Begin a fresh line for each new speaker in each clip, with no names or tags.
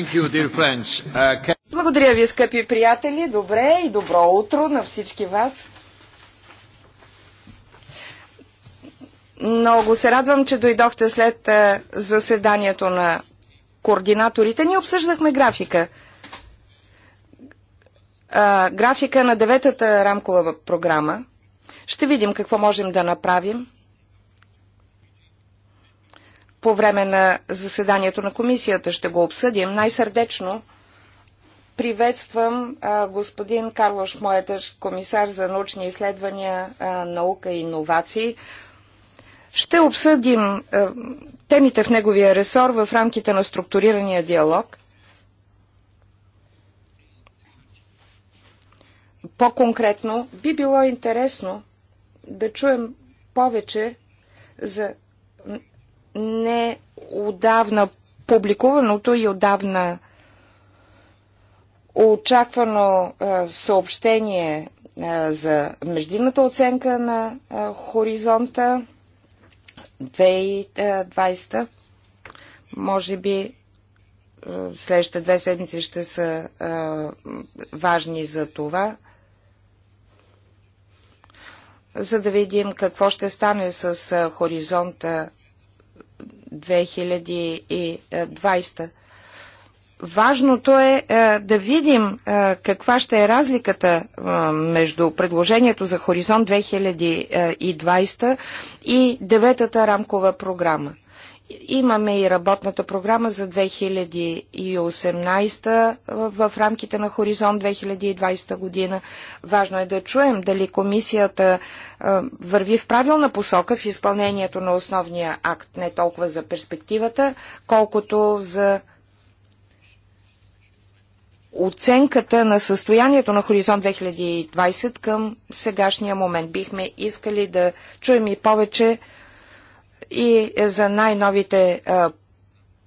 Uh, Благодаря ви, скъпи приятели. Добре и добро утро на всички вас. Много се радвам, че дойдохте след заседанието на координаторите. Ние обсъждахме графика. графика на деветата рамкова програма. Ще видим какво можем да направим по време на заседанието на комисията ще го обсъдим. Най-сърдечно приветствам а, господин Карлош Моетъш, комисар за научни изследвания, а, наука и иновации. Ще обсъдим а, темите в неговия ресор в рамките на структурирания диалог. По-конкретно би било интересно да чуем повече за не отдавна публикуваното и отдавна очаквано съобщение за междинната оценка на хоризонта 2020. Може би следващите две седмици ще са важни за това, за да видим какво ще стане с хоризонта 2020. Важното е, е да видим е, каква ще е разликата е, между предложението за Хоризонт 2020 и деветата рамкова програма. Имаме и работната програма за 2018 в рамките на Хоризонт 2020 година. Важно е да чуем дали комисията е, върви в правилна посока в изпълнението на основния акт, не толкова за перспективата, колкото за оценката на състоянието на Хоризонт 2020 към сегашния момент. Бихме искали да чуем и повече и за най-новите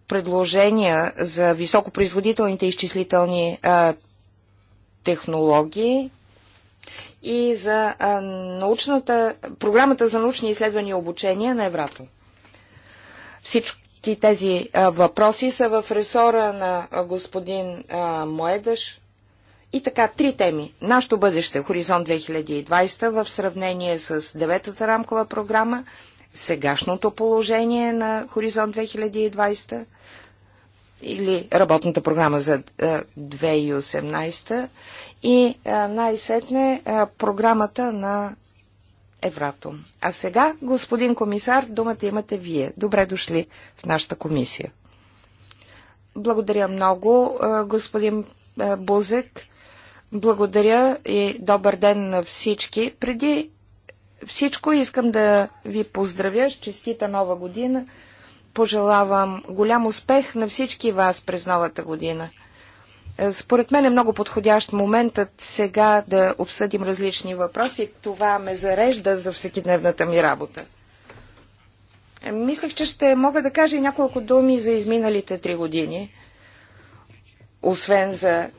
предложения за високопроизводителните изчислителни технологии и за научната, програмата за научни изследвания и обучения на Еврато. Всички тези въпроси са в ресора на господин Моедаш. И така, три теми. Нашето бъдеще, Хоризонт 2020, в сравнение с деветата рамкова програма – сегашното положение на Хоризонт 2020 или работната програма за 2018 е, и е, най-сетне е, програмата на Евратом. А сега, господин комисар, думата имате вие. Добре дошли в нашата комисия. Благодаря много, господин Бузек. Благодаря и добър ден на всички. Преди всичко искам да ви поздравя с честита нова година. Пожелавам голям успех на всички вас през новата година. Е, според мен е много подходящ моментът сега да обсъдим различни въпроси. Това ме зарежда за всекидневната ми работа. Е, мислех, че ще мога да кажа и няколко думи за изминалите три години, освен за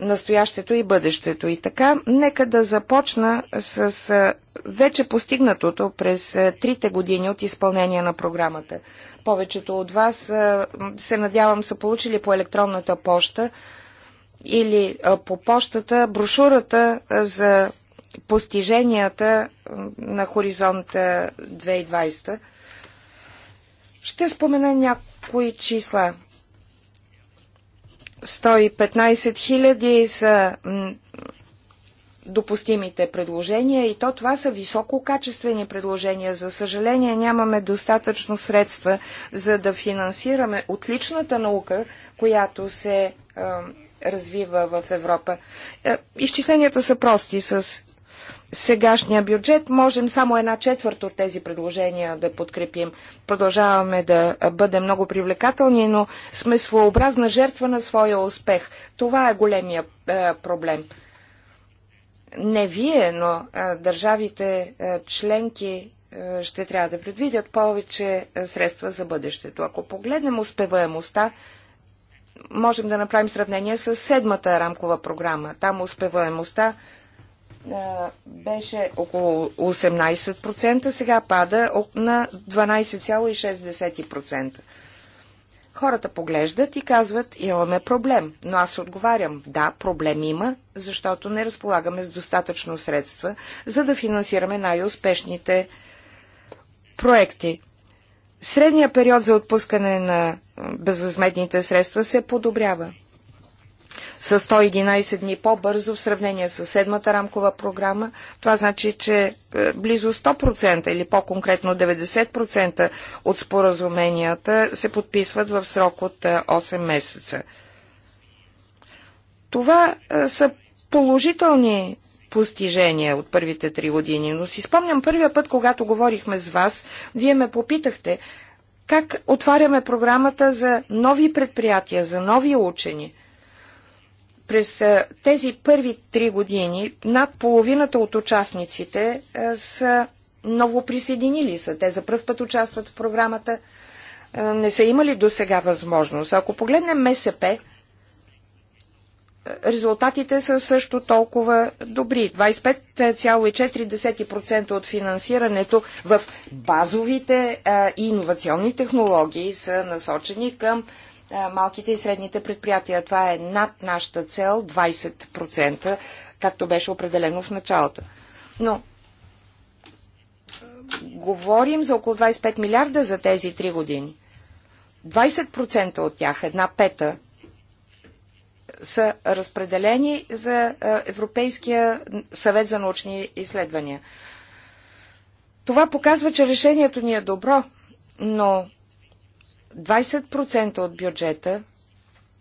настоящето и бъдещето. И така, нека да започна с вече постигнатото през трите години от изпълнение на програмата. Повечето от вас, се надявам, са получили по електронната поща или по почтата брошурата за постиженията на хоризонта 2020. Ще спомена някои числа. 115 хиляди са допустимите предложения и то това са висококачествени предложения. За съжаление нямаме достатъчно средства за да финансираме отличната наука, която се развива в Европа. Е, изчисленията са прости. С сегашния бюджет можем само една четвърта от тези предложения да подкрепим. Продължаваме да бъдем много привлекателни, но сме своеобразна жертва на своя успех. Това е големия е, проблем. Не вие, но е, държавите е, членки е, ще трябва да предвидят повече е, средства за бъдещето. Ако погледнем успеваемостта, можем да направим сравнение с седмата рамкова програма. Там успеваемостта беше около 18%, сега пада на 12,6%. Хората поглеждат и казват, имаме проблем. Но аз отговарям, да, проблем има, защото не разполагаме с достатъчно средства, за да финансираме най-успешните проекти. Средният период за отпускане на безвъзметните средства се подобрява. С 111 дни по-бързо в сравнение с седмата рамкова програма. Това значи, че е, близо 100% или по-конкретно 90% от споразуменията се подписват в срок от 8 е, месеца. Това е, са положителни постижения от първите три години, но си спомням първия път, когато говорихме с вас, вие ме попитахте как отваряме програмата за нови предприятия, за нови учени – през тези първи три години над половината от участниците са ново присъединили са. Те за първ път участват в програмата. Не са имали до сега възможност. Ако погледнем МСП, резултатите са също толкова добри. 25,4% от финансирането в базовите а, и иновационни технологии са насочени към малките и средните предприятия. Това е над нашата цел 20%, както беше определено в началото. Но говорим за около 25 милиарда за тези 3 години. 20% от тях, една пета, са разпределени за Европейския съвет за научни изследвания. Това показва, че решението ни е добро, но 20% от бюджета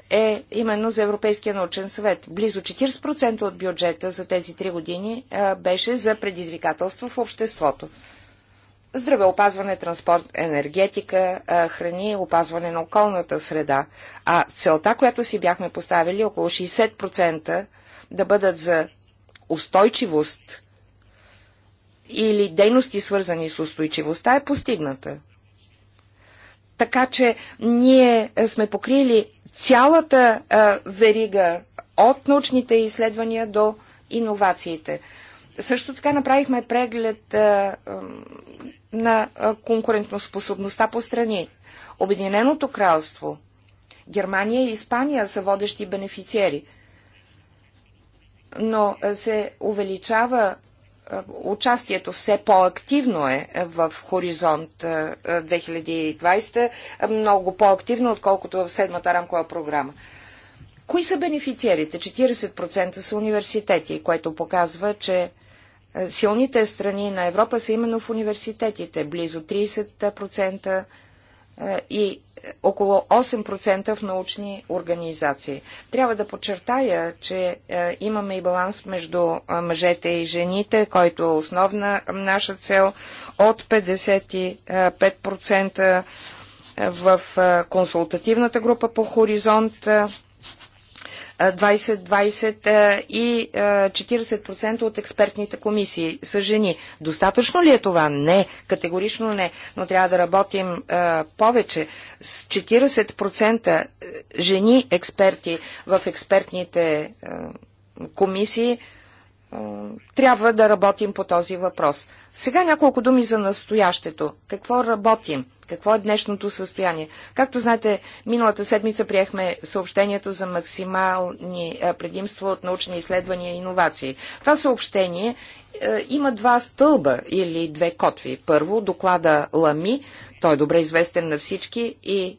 е именно за Европейския научен съвет. Близо 40% от бюджета за тези три години беше за предизвикателства в обществото. Здравеопазване, транспорт, енергетика, храни, опазване на околната среда. А целта, която си бяхме поставили, около 60% да бъдат за устойчивост или дейности свързани с устойчивостта е постигната. Така че ние е, сме покрили цялата а, е, верига от научните изследвания до иновациите. Също така направихме преглед а, е, на конкурентоспособността по страни. Обединеното кралство, Германия и Испания са водещи бенефициери, но се увеличава е, участието все по-активно е, е в Хоризонт 2020, е, много по-активно, отколкото в седмата рамкова програма. Кои са бенефициерите? 40% са университети, което показва, че силните страни на Европа са именно в университетите. Близо 30% е, и около 8% в научни организации. Трябва да подчертая, че е, имаме и баланс между е, мъжете и жените, който е основна наша цел от 55% в консултативната група по хоризонт 20-20 и 40% от експертните комисии са жени. Достатъчно ли е това? Не, категорично не, но трябва да работим повече с 40% жени експерти в експертните комисии трябва да работим по този въпрос. Сега няколко думи за настоящето. Какво работим? Какво е днешното състояние? Както знаете, миналата седмица приехме съобщението за максимални предимства от научни изследвания и иновации. Това съобщение е, има два стълба или две котви. Първо, доклада Лами, той е добре известен на всички и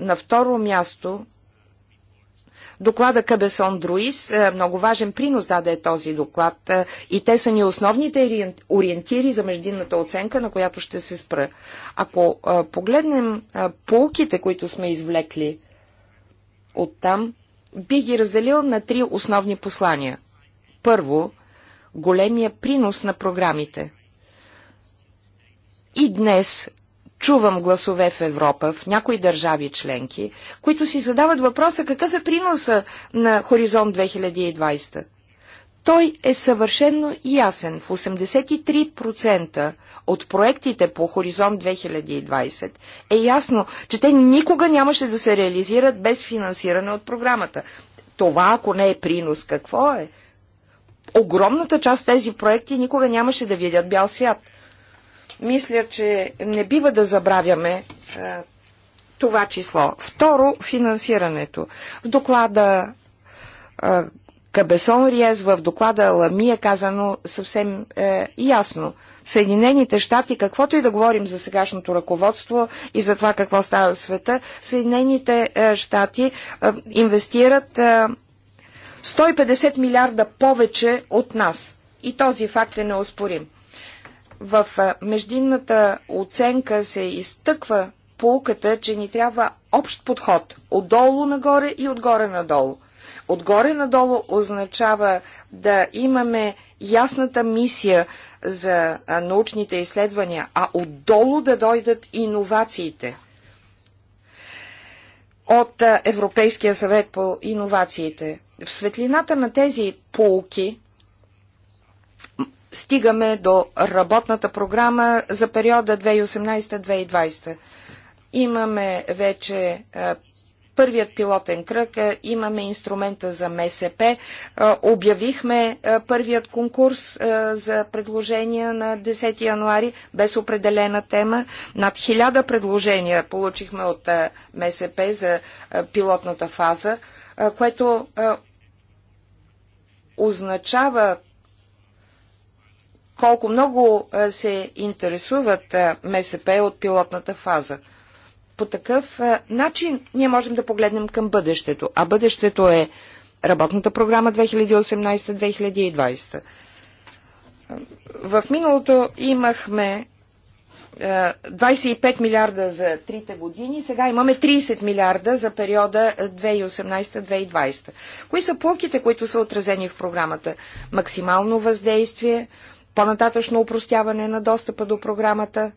на второ място Доклада Кабесон Друис, е, много важен принос даде този доклад е, и те са ни основните ориентири за междинната оценка, на която ще се спра. Ако е, погледнем полките, които сме извлекли от там, би ги разделил на три основни послания. Първо, големия принос на програмите. И днес чувам гласове в Европа, в някои държави членки, които си задават въпроса какъв е приноса на Хоризонт 2020. Той е съвършенно ясен. В 83% от проектите по Хоризонт 2020 е ясно, че те никога нямаше да се реализират без финансиране от програмата. Това, ако не е принос, какво е? Огромната част от тези проекти никога нямаше да видят бял свят – мисля, че не бива да забравяме а, е, това число. Второ, финансирането. В доклада а, е, Кабесон Риез, в доклада Лами е казано съвсем е, ясно. Съединените щати, каквото и да говорим за сегашното ръководство и за това какво става в света, Съединените е, щати е, инвестират е, 150 милиарда повече от нас. И този факт е неоспорим. В междинната оценка се изтъква полуката, че ни трябва общ подход отдолу нагоре и отгоре надолу. Отгоре надолу означава да имаме ясната мисия за научните изследвания, а отдолу да дойдат иновациите. От Европейския съвет по иновациите. В светлината на тези полки стигаме до работната програма за периода 2018-2020. Имаме вече е, първият пилотен кръг, е, имаме инструмента за МСП, е, обявихме първият конкурс за предложения на 10 януари без определена тема. Над 1000 предложения получихме от МСП за пилотната фаза, което означава колко много се интересуват МСП от пилотната фаза. По такъв начин ние можем да погледнем към бъдещето, а бъдещето е работната програма 2018-2020. В миналото имахме 25 милиарда за трите години, сега имаме 30 милиарда за периода 2018-2020. Кои са полките, които са отразени в програмата? Максимално въздействие – по-нататъчно упростяване на достъпа до програмата.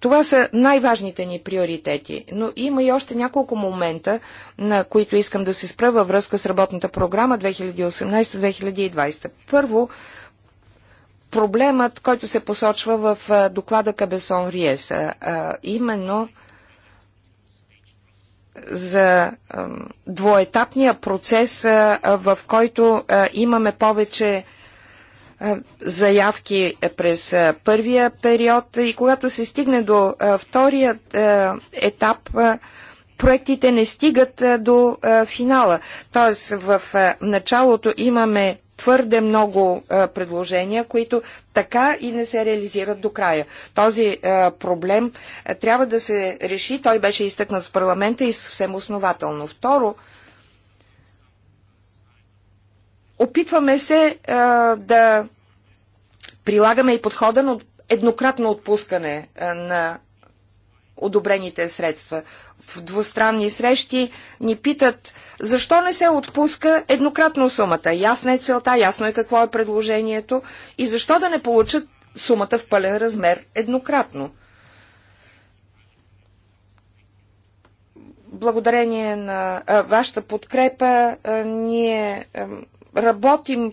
Това са най-важните ни приоритети, но има и още няколко момента, на които искам да се спра във връзка с работната програма 2018-2020. Първо, проблемът, който се посочва в доклада Кабесон Риеса именно за двоетапния процес, в който имаме повече заявки през първия период и когато се стигне до вторият етап, проектите не стигат до финала. Тоест в началото имаме твърде много предложения, които така и не се реализират до края. Този проблем трябва да се реши. Той беше изтъкнат в парламента и съвсем основателно. Второ, Опитваме се а, да прилагаме и подхода на еднократно отпускане а, на одобрените средства. В двустранни срещи ни питат защо не се отпуска еднократно сумата. Ясна е целта, ясно е какво е предложението и защо да не получат сумата в пълен размер еднократно. Благодарение на а, вашата подкрепа а, ние а, работим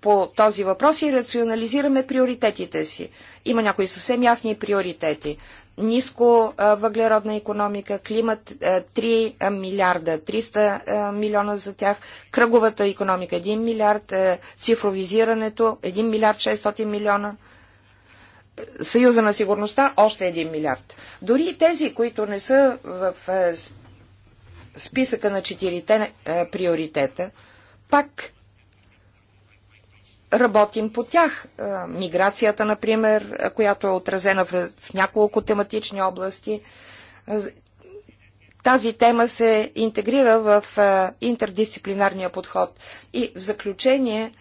по този въпрос и рационализираме приоритетите си. Има някои съвсем ясни приоритети. Ниско въглеродна економика, климат 3 милиарда, 300 милиона за тях, кръговата економика 1 милиард, цифровизирането 1 милиард 600 милиона, Съюза на сигурността още 1 милиард. Дори тези, които не са в списъка на четирите приоритета, пак работим по тях. Е, миграцията, например, която е отразена в, няколко тематични области. Е, тази тема се интегрира в е, интердисциплинарния подход. И в заключение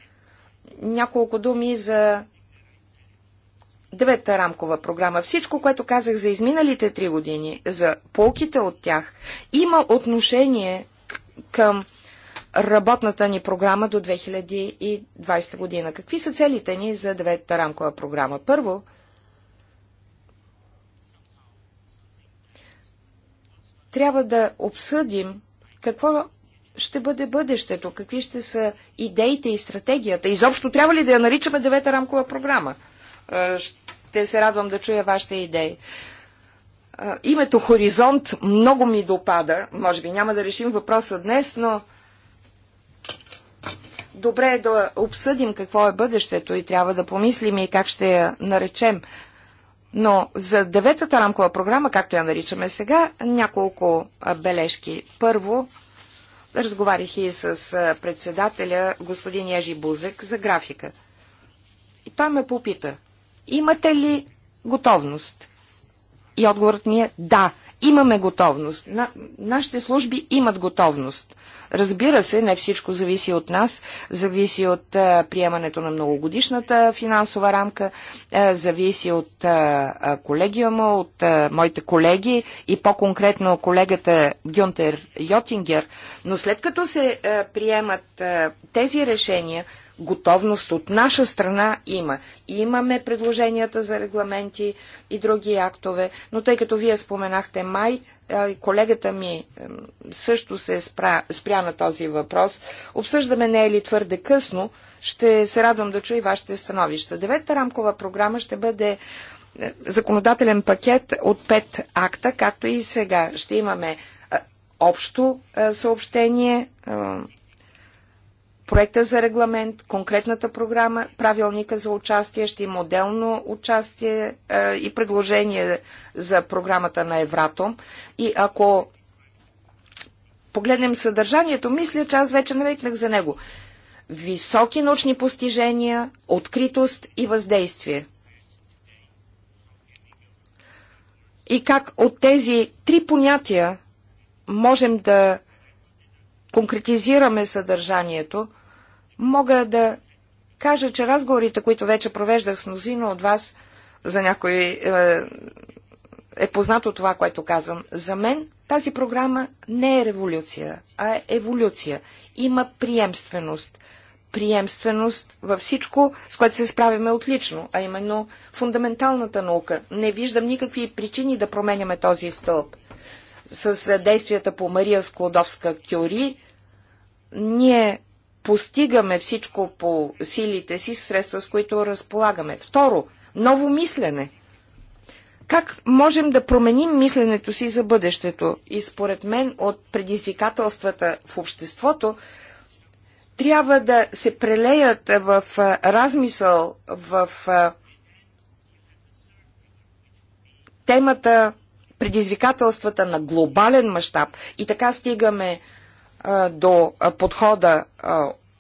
няколко думи за девета рамкова програма. Всичко, което казах за изминалите три години, за полките от тях, има отношение към работната ни програма до 2020 година. Какви са целите ни за деветата рамкова програма? Първо, трябва да обсъдим какво ще бъде бъдещето, какви ще са идеите и стратегията. Изобщо трябва ли да я наричаме девета рамкова програма? Е, ще се радвам да чуя вашите идеи. Е, името Хоризонт много ми допада. Може би няма да решим въпроса днес, но добре е да обсъдим какво е бъдещето и трябва да помислим и как ще я наречем. Но за деветата рамкова програма, както я наричаме сега, няколко бележки. Първо, разговарих и с председателя господин Ежи Бузек за графика. И той ме попита, имате ли готовност? И отговорът ми е да. Имаме готовност. На, нашите служби имат готовност. Разбира се, не всичко зависи от нас, зависи от а, приемането на многогодишната финансова рамка, а, зависи от а, колегиума, от а, моите колеги и по-конкретно колегата Гюнтер Йотингер. Но след като се а, приемат а, тези решения, готовност от наша страна има. И имаме предложенията за регламенти и други актове, но тъй като вие споменахте май, колегата ми също се спря, спря на този въпрос. Обсъждаме не е ли твърде късно, ще се радвам да чуя вашите становища. Девета рамкова програма ще бъде е, законодателен пакет от пет акта, както и сега. Ще имаме е, общо е, съобщение проекта за регламент, конкретната програма, правилника за участие, ще има отделно участие е, и предложение за програмата на Евратом. И ако погледнем съдържанието, мисля, че аз вече навекнах за него. Високи научни постижения, откритост и въздействие. И как от тези три понятия можем да конкретизираме съдържанието Мога да кажа, че разговорите, които вече провеждах с мнозина от вас, за някой е, е познато това, което казвам. За мен тази програма не е революция, а е еволюция. Има приемственост. Приемственост във всичко, с което се справяме отлично, а именно фундаменталната наука. Не виждам никакви причини да променяме този стълб. С е, действията по Мария Склодовска Кюри, ние постигаме всичко по силите си, средства с които разполагаме. Второ, ново мислене. Как можем да променим мисленето си за бъдещето? И според мен от предизвикателствата в обществото трябва да се прелеят в размисъл в темата предизвикателствата на глобален мащаб. И така стигаме до подхода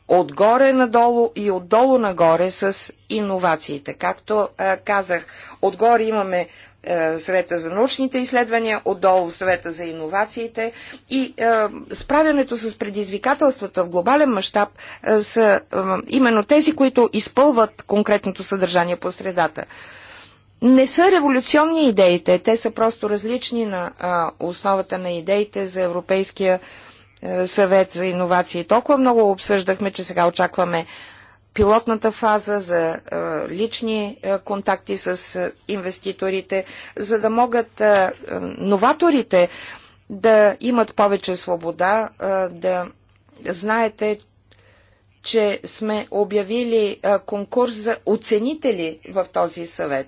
отгоре надолу и отдолу нагоре с иновациите. Както казах, отгоре имаме съвета за научните изследвания, отдолу съвета за иновациите и справянето с предизвикателствата в глобален мащаб са именно тези, които изпълват конкретното съдържание по средата. Не са революционни идеите, те са просто различни на основата на идеите за Европейския е, съвет за иновации толкова много обсъждахме, че сега очакваме пилотната фаза за е, лични е, контакти с инвеститорите, за да могат новаторите да имат повече свобода, да знаете, че сме обявили конкурс за оценители в този съвет.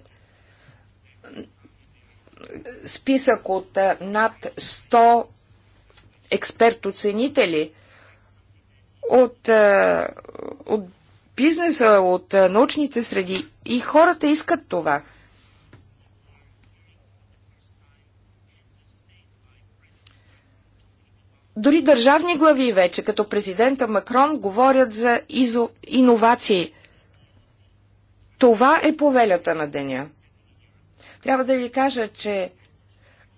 Списък от над 100 експерт-оценители от, е, от бизнеса, от е, научните среди и хората искат това. Дори държавни глави вече, като президента Макрон, говорят за изо... иновации. Това е повелята на деня. Трябва да ви кажа, че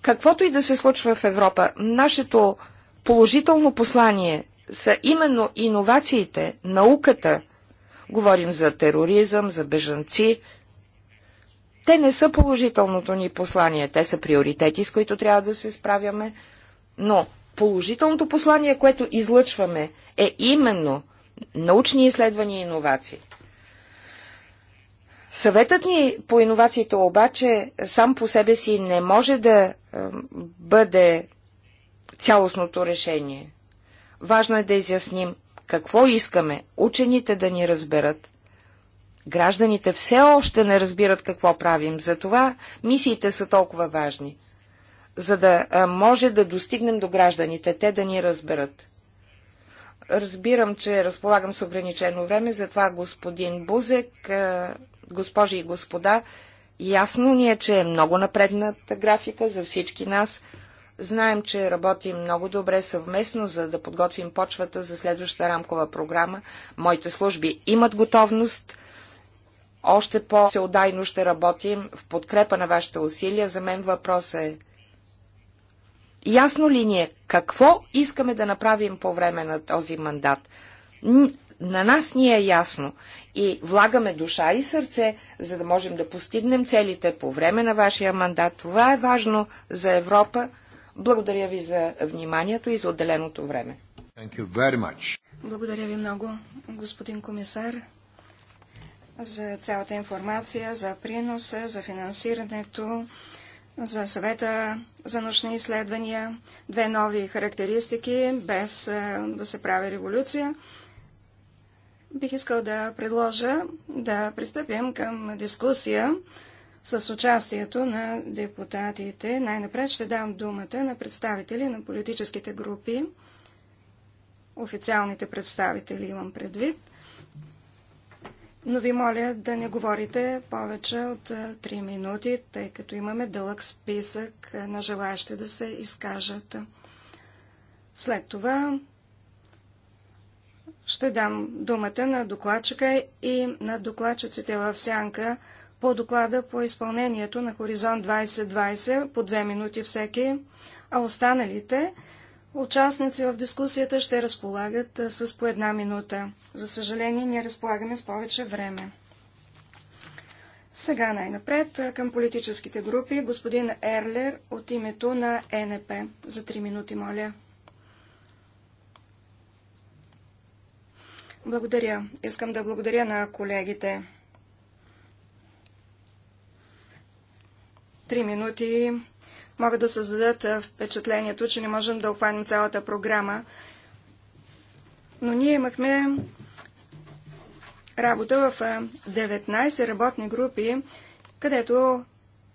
каквото и да се случва в Европа, нашето положително послание са именно иновациите, науката. Говорим за тероризъм, за бежанци. Те не са положителното ни послание. Те са приоритети, с които трябва да се справяме. Но положителното послание, което излъчваме, е именно научни изследвания и иновации. Съветът ни по иновациите обаче сам по себе си не може да бъде цялостното решение. Важно е да изясним какво искаме учените да ни разберат. Гражданите все още не разбират какво правим, затова мисиите са толкова важни, за да може да достигнем до гражданите, те да ни разберат. Разбирам, че разполагам с ограничено време, затова господин Бузек, госпожи и господа, ясно ни е, че е много напредната графика за всички нас – Знаем, че работим много добре съвместно, за да подготвим почвата за следващата рамкова програма. Моите служби имат готовност. Още по селдайно ще работим в подкрепа на вашите усилия. За мен въпросът е ясно ли ни е какво искаме да направим по време на този мандат? На нас ни е ясно и влагаме душа и сърце, за да можем да постигнем целите по време на вашия мандат. Това е важно за Европа благодаря ви за вниманието и за отделеното време.
Благодаря ви много, господин комисар, за цялата информация, за приноса, за финансирането, за съвета за научни изследвания, две нови характеристики, без да се прави революция. Бих искал да предложа да пристъпим към дискусия с участието на депутатите. Най-напред ще дам думата на представители на политическите групи, официалните представители имам предвид, но ви моля да не говорите повече от 3 минути, тъй като имаме дълъг списък на желаящи да се изкажат. След това ще дам думата на докладчика и на докладчиците в сянка по доклада по изпълнението на Хоризонт 2020 по две минути всеки, а останалите участници в дискусията ще разполагат с по една минута. За съжаление, ние разполагаме с повече време. Сега най-напред към политическите групи. Господин Ерлер от името на ЕНП. За три минути, моля. Благодаря. Искам да благодаря на колегите. Три минути могат да създадат впечатлението, че не можем да обхванем цялата програма. Но ние имахме работа в 19 работни групи, където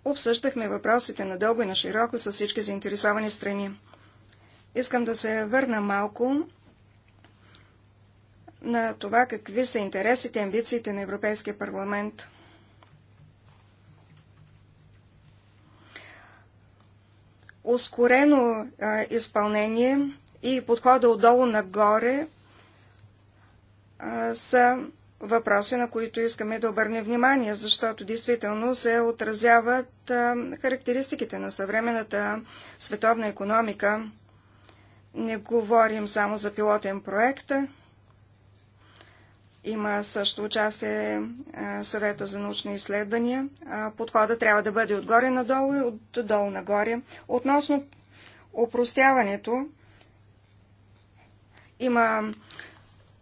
обсъждахме въпросите надълго и на широко с всички заинтересовани страни. Искам да се върна малко на това какви са интересите и амбициите на Европейския парламент – ускорено а, изпълнение и подхода отдолу нагоре а, са въпроси, на които искаме да обърнем внимание, защото действително се отразяват а, характеристиките на съвременната световна економика. Не говорим само за пилотен проект, има също участие е, съвета за научни изследвания. Подхода трябва да бъде отгоре надолу и отдолу нагоре. Относно опростяването, има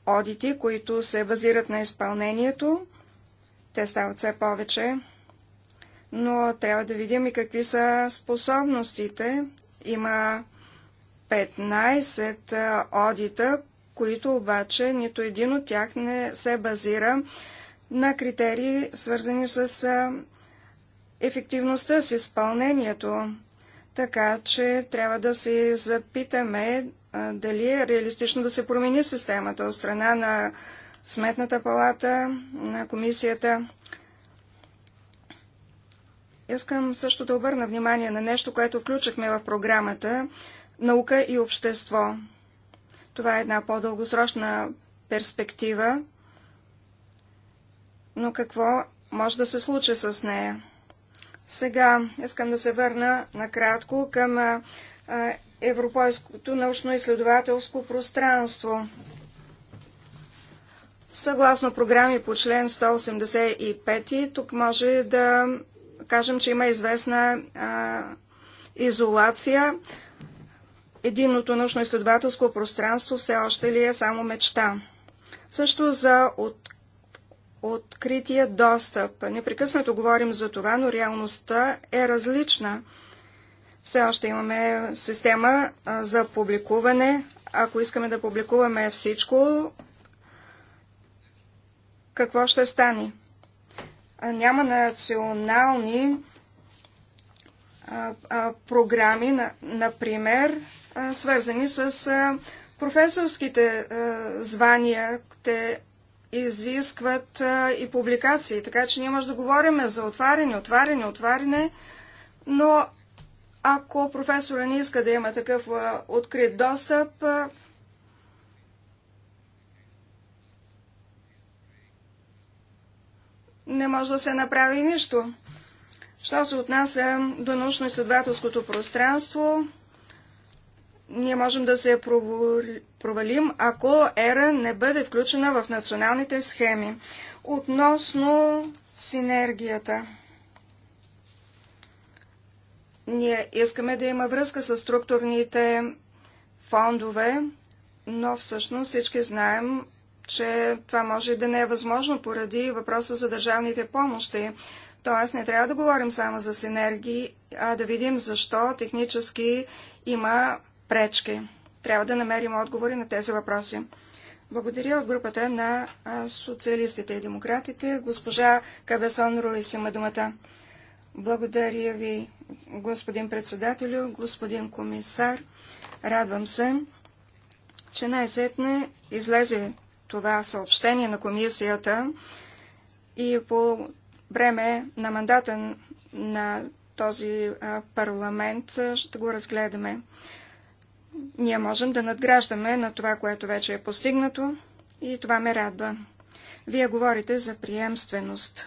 одити, които се базират на изпълнението. Те стават все повече. Но трябва да видим и какви са способностите. Има 15 е, одита, които обаче нито един от тях не се базира на критерии, свързани с ефективността с изпълнението. Така че трябва да се запитаме дали е реалистично да се промени системата от страна на Сметната палата, на комисията. Искам също да обърна внимание на нещо, което включихме в програмата наука и общество. Това е една по-дългосрочна перспектива, но какво може да се случи с нея? Сега искам да се върна накратко към Европейското научно-изследователско пространство. Съгласно програми по член 185, тук може да кажем, че има известна а, изолация единното научно-изследователско пространство все още ли е само мечта? Също за от... открития достъп. Непрекъснато говорим за това, но реалността е различна. Все още имаме система за публикуване. Ако искаме да публикуваме всичко, какво ще стане? няма национални програми, например, свързани с професорските звания. Те изискват и публикации, така че ние може да говорим за отваряне, отваряне, отваряне, но ако професора не иска да има такъв открит достъп, не може да се направи нищо. Що се отнася до научно-изследователското пространство, ние можем да се провалим, ако ЕРА не бъде включена в националните схеми. Относно синергията. Ние искаме да има връзка с структурните фондове, но всъщност всички знаем, че това може да не е възможно поради въпроса за държавните помощи. Тоест не трябва да говорим само за синергии, а да видим защо технически има пречки. Трябва да намерим отговори на тези въпроси. Благодаря от групата на социалистите и демократите. Госпожа Кабесон Руис има думата. Благодаря ви, господин председателю, господин комисар. Радвам се, че най-сетне излезе това съобщение на комисията и по време на мандата на този парламент ще го разгледаме. Ние можем да надграждаме на това, което вече е постигнато и това ме радва. Вие говорите за приемственост.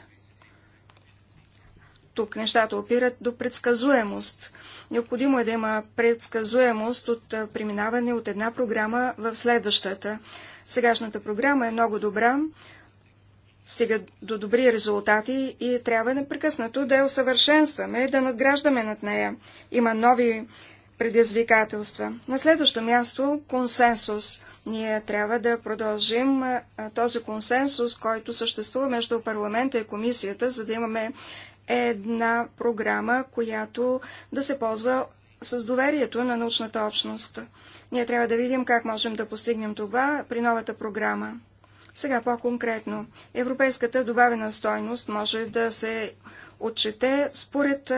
Тук нещата опират до предсказуемост. Необходимо е да има предсказуемост от преминаване от една програма в следващата. Сегашната програма е много добра, стига до добри резултати и трябва непрекъснато да я усъвършенстваме, да надграждаме над нея. Има нови предизвикателства. На следващо място – консенсус. Ние трябва да продължим този консенсус, който съществува между парламента и комисията, за да имаме една програма, която да се ползва с доверието на научната общност. Ние трябва да видим как можем да постигнем това при новата програма. Сега по-конкретно. Европейската добавена стойност може да се отчете според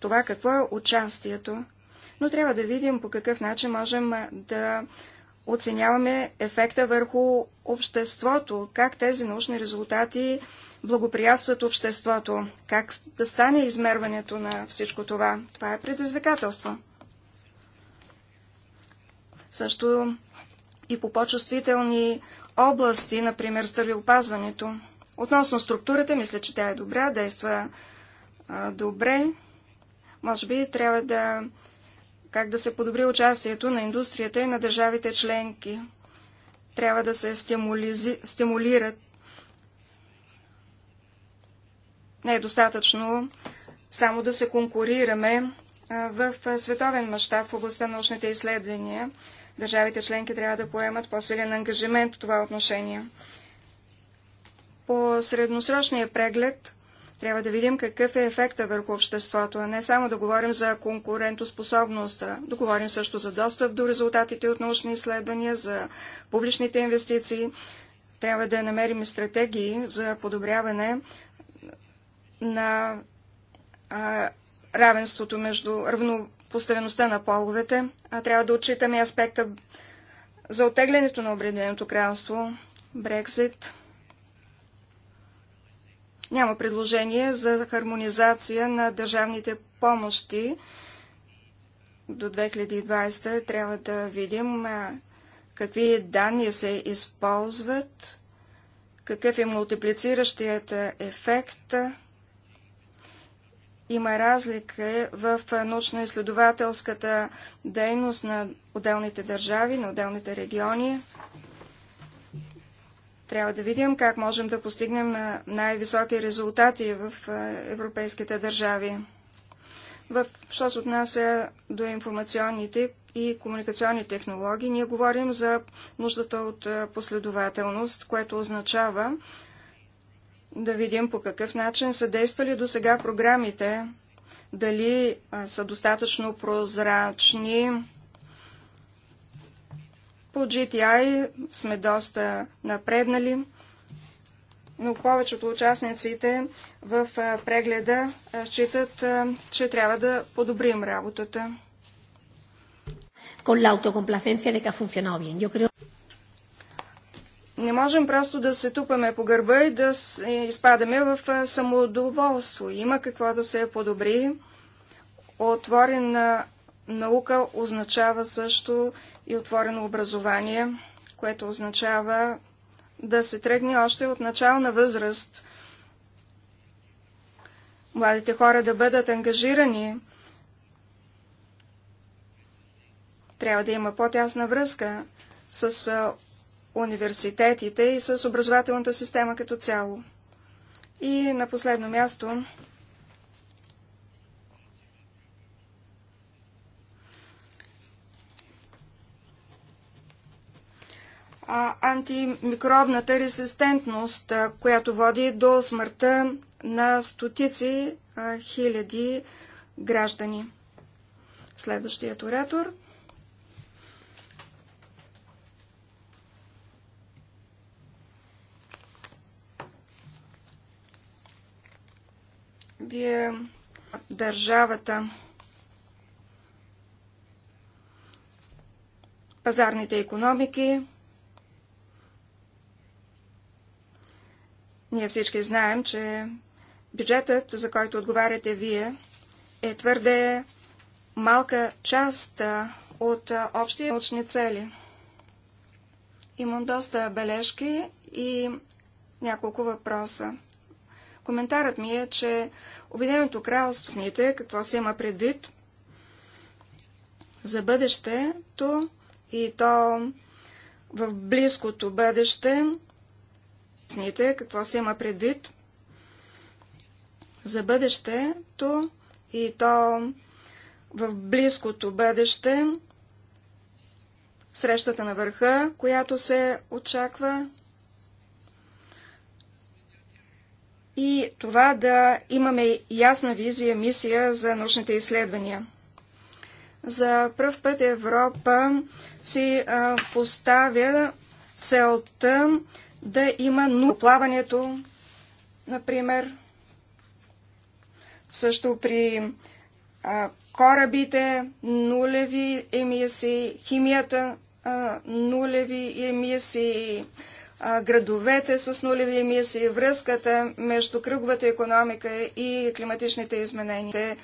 това какво е участието. Но трябва да видим по какъв начин можем да оценяваме ефекта върху обществото, как тези научни резултати благоприятстват обществото, как да стане измерването на всичко това. Това е предизвикателство. Също и по по-чувствителни области, например здравеопазването. Относно структурата, мисля, че тя е добра, действа а, добре. Може би трябва да как да се подобри участието на индустрията и на държавите членки. Трябва да се стимулизи, стимулират. Не е достатъчно само да се конкурираме а, в световен мащаб в областта на научните изследвания. Държавите членки трябва да поемат по-силен ангажимент в това отношение. По средносрочния преглед трябва да видим какъв е ефекта върху обществото, а не само да говорим за конкурентоспособност, да говорим също за достъп до резултатите от научни изследвания, за публичните инвестиции. Трябва да намерим стратегии за подобряване на а, равенството между равно, Поставеността на половете, а трябва да отчитаме аспекта за отеглянето на Обединеното кралство, Брекзит. Няма предложение за хармонизация на държавните помощи до 2020. Трябва да видим какви данни се използват, какъв е мултиплициращият ефект има разлика в научно-изследователската дейност на отделните държави, на отделните региони. Трябва да видим как можем да постигнем най-високи резултати в европейските държави. В, що се отнася до информационните и комуникационни технологии, ние говорим за нуждата от последователност, което означава, да видим по какъв начин са действали до сега програмите, дали са достатъчно прозрачни. По GTI сме доста напреднали, но повечето участниците в прегледа считат, че трябва да подобрим работата.
Con la autocomplacencia de que ha
funcionado bien. Yo creo... Не можем просто да се тупаме по гърба и да изпадаме в самодоволство. Има какво да се подобри. Отворена наука означава също и отворено образование, което означава да се тръгне още от начална възраст. Младите хора да бъдат ангажирани. Трябва да има по-тясна връзка с университетите и с образователната система като цяло. И на последно място антимикробната резистентност, която води до смъртта на стотици а, хиляди граждани. Следващият оратор – Вие държавата, пазарните економики. Ние всички знаем, че бюджетът, за който отговаряте вие, е твърде малка част от общи научни цели. Имам доста бележки и няколко въпроса. Коментарът ми е, че Обединеното кралство, какво се има предвид за бъдещето и то в близкото бъдеще, какво се има предвид за бъдещето и то в близкото бъдеще, срещата на върха, която се очаква, и това да имаме ясна визия, мисия за научните изследвания. За пръв път Европа си а, поставя целта да има плаването, например, също при а, корабите, нулеви емисии, химията, а, нулеви емисии, градовете с нулеви емисии, връзката между кръговата економика и климатичните изменения.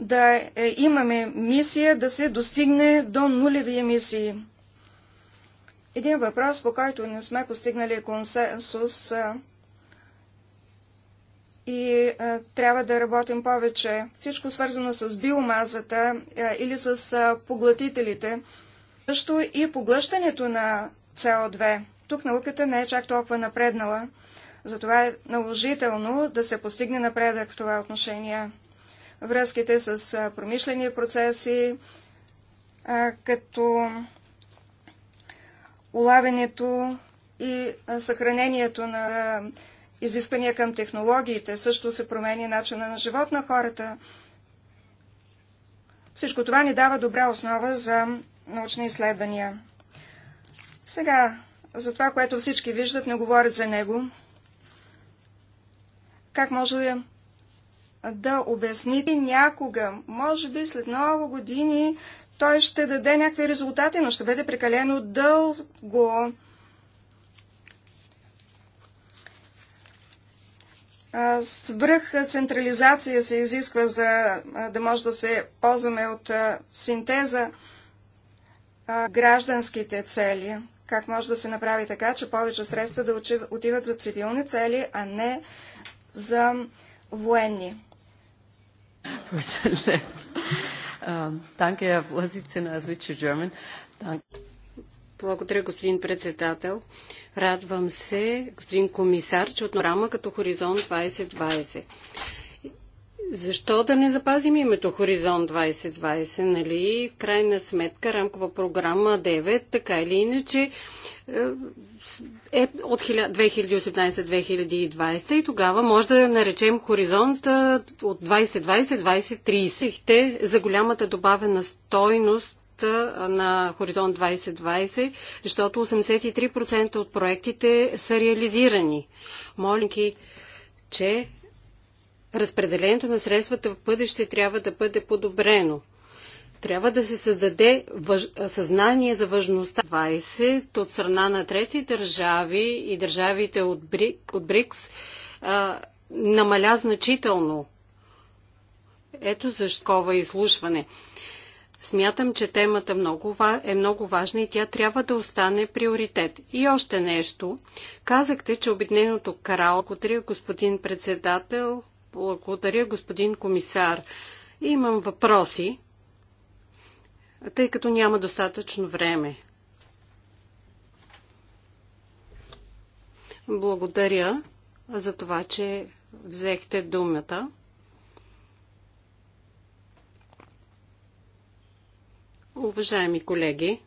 Да е, имаме мисия да се достигне до нулеви емисии. Един въпрос, по който не сме постигнали консенсус и а, трябва да работим повече. Всичко свързано с биомазата а, или с а, поглътителите, също и поглъщането на CO2. Тук науката не е чак толкова напреднала. Затова е наложително да се постигне напредък в това отношение. Връзките с промишлени процеси, като улавянето и съхранението на изисквания към технологиите, също се промени начина на живот на хората. Всичко това ни дава добра основа за научни изследвания. Сега за това, което всички виждат, не говорят за него. Как може да обясните някога, може би след много години, той ще даде някакви резултати, но ще бъде прекалено дълго. Свръх централизация се изисква, за да може да се ползваме от синтеза гражданските цели. Как може да се направи така, че повече средства да отиват за цивилни цели, а не за военни?
Благодаря, господин председател. Радвам се, господин комисар, че отново рама като Хоризонт 2020. Защо да не запазим името Хоризонт 2020, нали? В крайна сметка рамкова програма 9, така или иначе, е, е от 2018-2020 и тогава може да наречем хоризонт от 2020-2030. За голямата добавена стойност на Хоризонт 2020, защото 83% от проектите са реализирани. Молинки, че разпределението на средствата в бъдеще трябва да бъде подобрено. Трябва да се създаде въж... съзнание за важността 20 от страна на трети държави и държавите от, Брик... от БРИКС а, намаля значително. Ето защо такова изслушване. Смятам, че темата много, е много важна и тя трябва да остане приоритет. И още нещо. Казахте, че Обединеното кралко, господин председател, благодаря, господин комисар. Имам въпроси, тъй като няма достатъчно време. Благодаря за това, че взехте думата. Уважаеми колеги,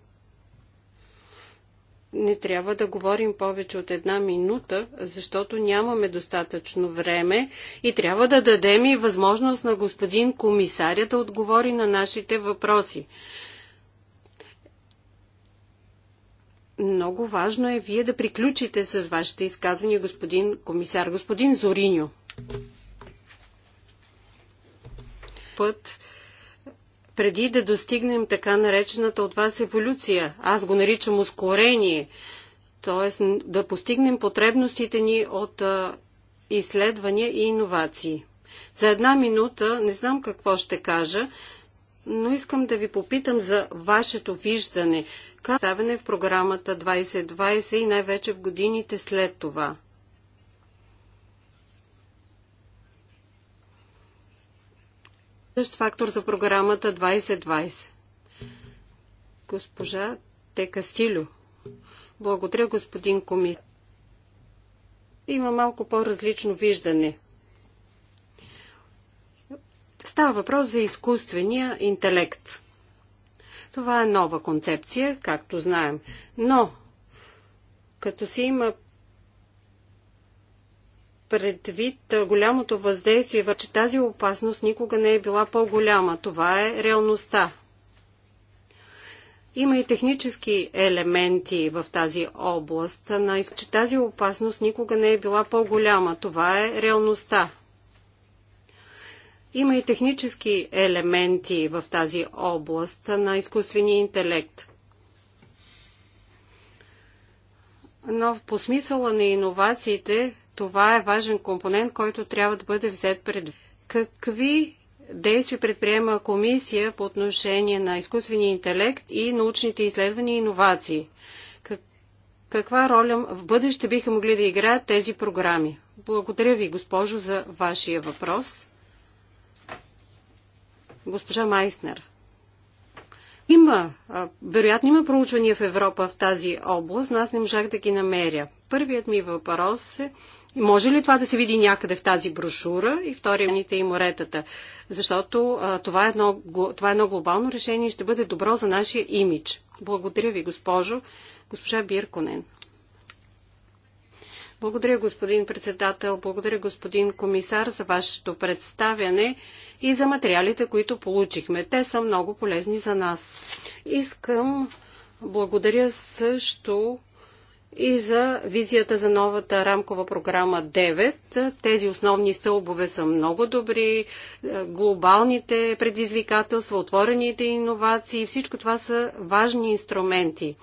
не трябва да говорим повече от една минута, защото нямаме достатъчно време и трябва да дадем и възможност на господин комисаря да отговори на нашите въпроси. Много важно е вие да приключите с вашите изказвания, господин комисар. Господин Зориньо. Път преди да достигнем така наречената от вас еволюция. Аз го наричам ускорение. т.е. да постигнем потребностите ни от изследвания и иновации. За една минута не знам какво ще кажа, но искам да ви попитам за вашето виждане, как ставане в програмата 2020 и най-вече в годините след това. Същ фактор за програмата 2020. Госпожа Тека Стилю. Благодаря, господин комисар. Има малко по-различно виждане. Става въпрос за изкуствения интелект. Това е нова концепция, както знаем. Но, като си има предвид голямото въздействие върху тази опасност никога не е била по-голяма. Това е реалността. Има и технически елементи в тази област, че тази опасност никога не е била по-голяма. Това е реалността. Има и технически елементи в тази област на изкуствения интелект. Но по смисъла на иновациите това е важен компонент, който трябва да бъде взет пред. Какви действия предприема комисия по отношение на изкуствения интелект и научните изследвания и иновации? Как, каква роля в бъдеще биха могли да играят тези програми? Благодаря ви, госпожо, за вашия въпрос. Госпожа Майснер. Има, вероятно има проучвания в Европа в тази област, но аз не можах да ги намеря. Първият ми въпрос е може ли това да се види някъде в тази брошура и вторините и моретата? Защото а, това, е едно, това е едно глобално решение и ще бъде добро за нашия имидж. Благодаря ви, госпожо. Госпожа Бирконен. Благодаря, господин председател, благодаря, господин комисар, за вашето представяне и за материалите, които получихме. Те са много полезни за нас. Искам благодаря също и за визията за новата рамкова програма 9. Тези основни стълбове са много добри, е, глобалните предизвикателства, отворените иновации, всичко това са важни инструменти.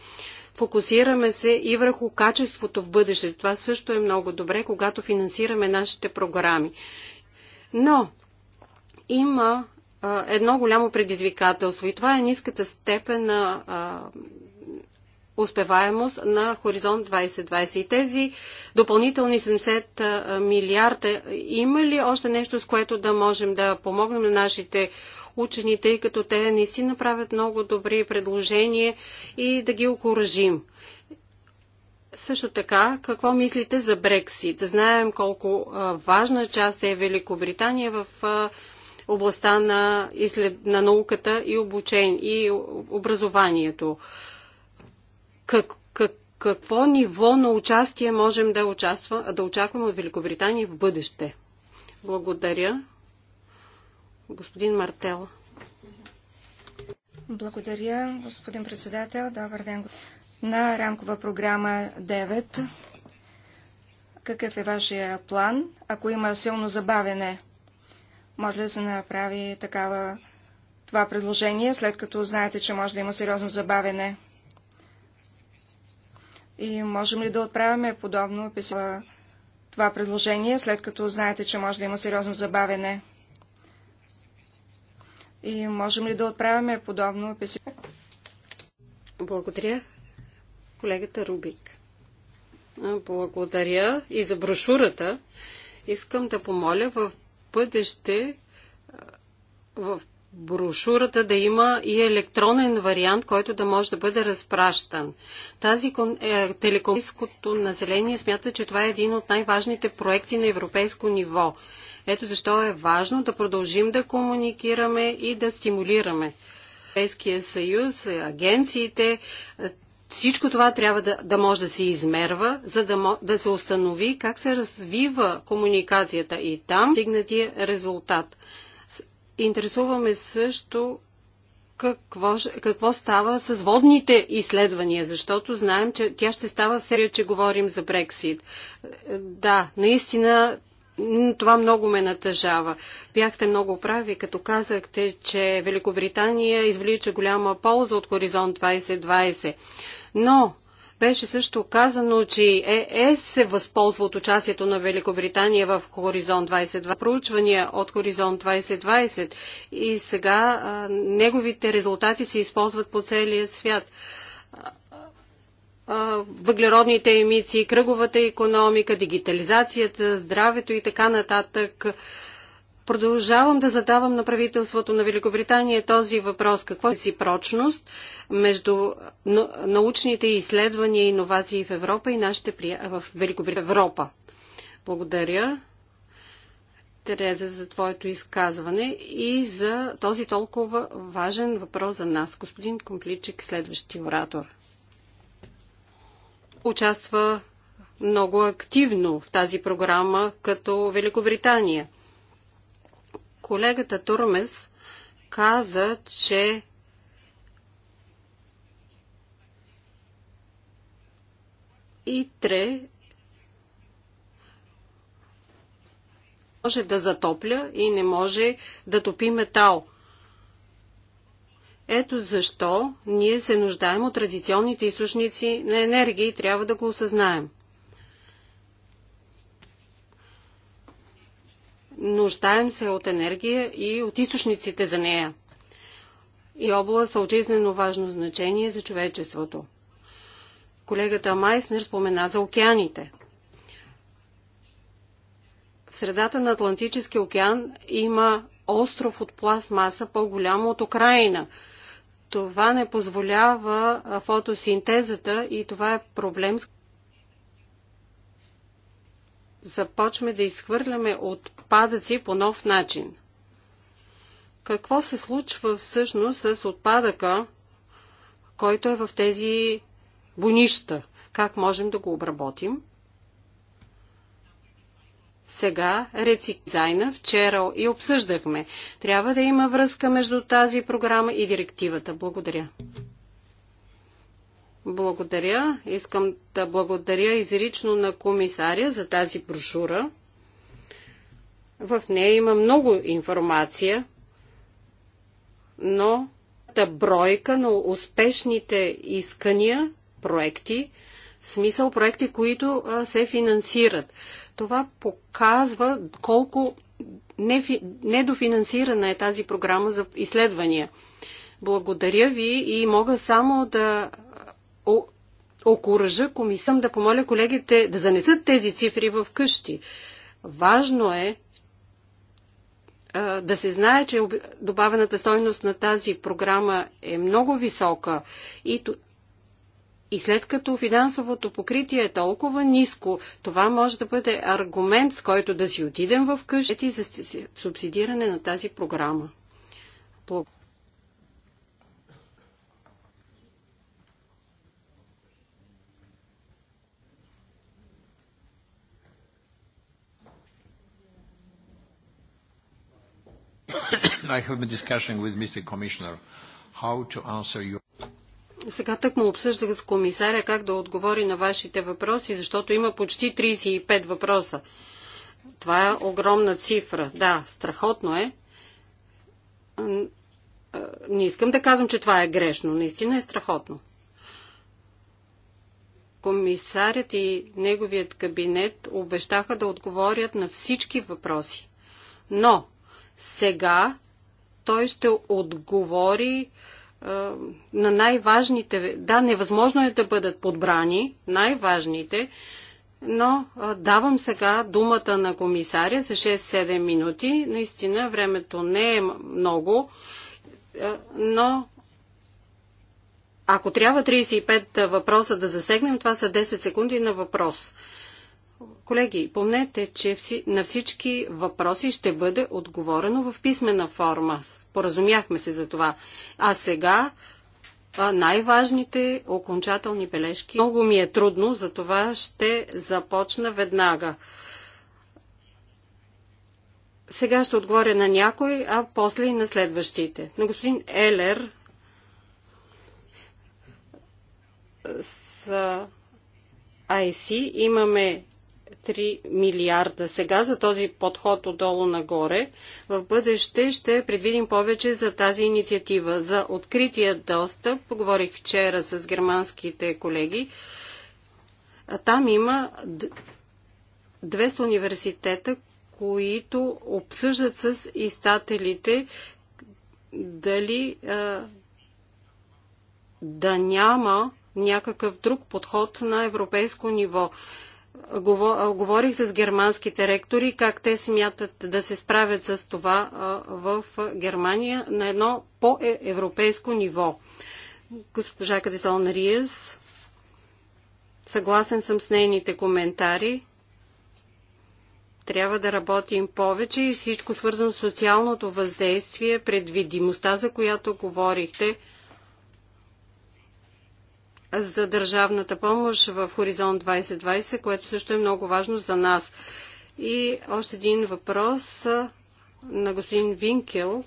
Фокусираме се и върху качеството в бъдещето. Това също е много добре, когато финансираме нашите програми. Но има е, едно голямо предизвикателство и това е ниската степен на успеваемост на Хоризонт 2020. И тези допълнителни 70 милиарда, има ли още нещо, с което да можем да помогнем на нашите учени, тъй като те наистина правят много добри предложения и да ги окоръжим? Също така, какво мислите за Брексит? Знаем колко важна част е Великобритания в областта на, на науката и, обучение, и образованието как, как, какво ниво на участие можем да, участва, да очакваме от Великобритания в бъдеще. Благодаря. Господин Мартел.
Благодаря, господин председател. Добър ден. На рамкова програма 9. Какъв е вашия план, ако има силно забавене? Може ли да се направи такава това предложение, след като знаете, че може да има сериозно забавене? И можем ли да отправяме подобно писмо това предложение, след като знаете, че може да има сериозно забавене? И можем ли да отправяме подобно писмо? Благодаря.
Колегата Рубик. Благодаря и за брошурата. Искам да помоля в бъдеще в брошурата да има и електронен вариант, който да може да бъде разпращан. Тази е, телекомиското население смята, че това е един от най-важните проекти на европейско ниво. Ето защо е важно да продължим да комуникираме и да стимулираме. Европейския съюз, агенциите, всичко това трябва да, да може да се измерва, за да, да се установи как се развива комуникацията и там стигнатия резултат интересуваме също какво, какво става с водните изследвания, защото знаем, че тя ще става в серия, че говорим за Брексит. Да, наистина това много ме натъжава. Бяхте много прави, като казахте, че Великобритания извлича голяма полза от Хоризонт 2020. Но беше също казано, че ЕС се възползва от участието на Великобритания в Хоризонт 22, проучвания от Хоризонт 2020 и сега а, неговите резултати се използват по целия свят. А, въглеродните емисии, кръговата економика, дигитализацията, здравето и така нататък. А, Продължавам да задавам на правителството на Великобритания този въпрос. Какво е прочност между научните изследвания и иновации в Европа и нашите при... в Великобритания? Европа. Благодаря, Тереза, за твоето изказване и за този толкова важен въпрос за нас. Господин Компличик, следващи оратор. Участва много активно в тази програма като Великобритания – Колегата Турмес
каза,
че ИТРЕ може да затопля и не може да топи метал. Ето защо ние се нуждаем от традиционните източници на енергия и трябва да го осъзнаем. Нуждаем се от енергия и от източниците за нея. И област са е от жизнено важно значение за човечеството. Колегата Майснер спомена за океаните. В средата на Атлантическия океан има остров от пластмаса по-голямо от Украина. Това не позволява фотосинтезата и това е проблем. Започваме да изхвърляме от отпадъци по нов начин. Какво се случва всъщност с отпадъка, който е в тези бунища? Как можем да го обработим? сега рецикзайна вчера и обсъждахме. Трябва да има връзка между тази програма и директивата. Благодаря. Благодаря. Искам да благодаря изрично на комисаря за тази брошура. В нея има много информация, но бройка на успешните искания, проекти, в смисъл проекти, които се финансират. Това показва колко недофинансирана е тази програма за изследвания. Благодаря ви и мога само да окоръжа комисъм да помоля колегите да занесат тези цифри в къщи. Важно е да се знае, че добавената стойност на тази програма е много висока и, и след като финансовото покритие е толкова ниско, това може да бъде аргумент, с който да си отидем в къщи за субсидиране на тази програма. Благодаря.
I have been discussing
with Mr. Commissioner how to answer your...
Сега так му обсъждах с комисаря как да отговори на вашите въпроси, защото има почти 35 въпроса. Това е огромна цифра. Да, страхотно е. Не искам да казвам, че това е грешно. Наистина е страхотно. Комисарят и неговият кабинет обещаха да отговорят на всички въпроси. Но сега той ще отговори е, на най-важните. Да, невъзможно е да бъдат подбрани най-важните, но е, давам сега думата на комисаря за 6-7 минути. Наистина времето не е много, е, но ако трябва 35 въпроса да засегнем, това са 10 секунди на въпрос. Колеги, помнете, че на всички въпроси ще бъде отговорено в писмена форма. Поразумяхме се за това. А сега най-важните окончателни бележки. Много ми е трудно, за това ще започна веднага. Сега ще отговоря на някой, а после и на следващите. На господин Елер с IC имаме 3 милиарда сега за този подход отдолу нагоре. В бъдеще ще предвидим повече за тази инициатива. За открития достъп, говорих вчера с германските колеги, там има 200 университета, които обсъждат с изстателите, дали а, да няма някакъв друг подход на европейско ниво говорих с германските ректори, как те смятат да се справят с това в Германия на едно по-европейско ниво. Госпожа Кадисон Риес, съгласен съм с нейните коментари. Трябва да работим повече и всичко свързано с социалното въздействие, предвидимостта, за която говорихте – за държавната помощ в Хоризонт 2020, което също е много важно за нас. И още един въпрос на господин Винкел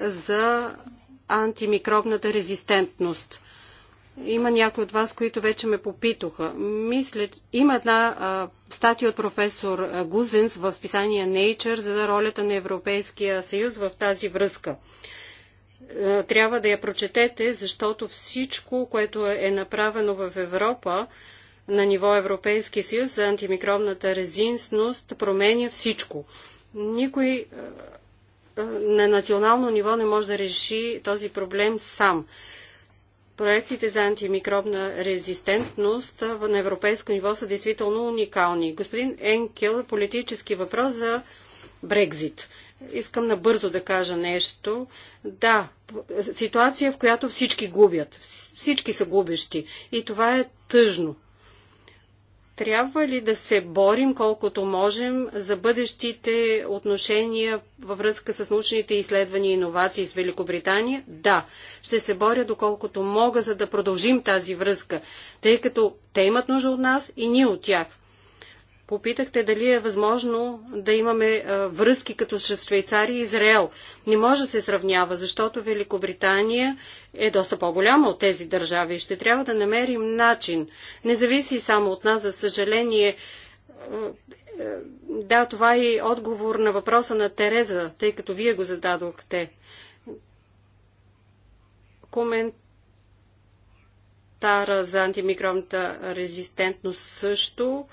за антимикробната резистентност. Има някои от вас, които вече ме попитоха. Мисля, има една а, статия от професор Гузенс в списание Nature за ролята на Европейския съюз в тази връзка. Е, трябва да я прочетете, защото всичко, което е направено в Европа на ниво Европейски съюз за антимикробната резинсност, променя всичко. Никой е, е, на национално ниво не може да реши този проблем сам. Проектите за антимикробна резистентност на европейско ниво са действително уникални. Господин Енкел, политически въпрос за Брекзит. Искам набързо да кажа нещо. Да, ситуация, в която всички губят. Всички са губещи. И това е тъжно. Трябва ли да се борим колкото можем за бъдещите отношения във връзка с научните изследвания и иновации с Великобритания? Да, ще се боря доколкото мога, за да продължим тази връзка, тъй като те имат нужда от нас и ние от тях. Попитахте дали е възможно да имаме връзки като с Швейцария и Израел. Не може да се сравнява, защото Великобритания е доста по-голяма от тези държави и ще трябва да намерим начин. Не зависи само от нас, за съжаление. Да, това е и отговор на въпроса на Тереза, тъй като вие го зададохте. Коментара за антимикробната резистентност също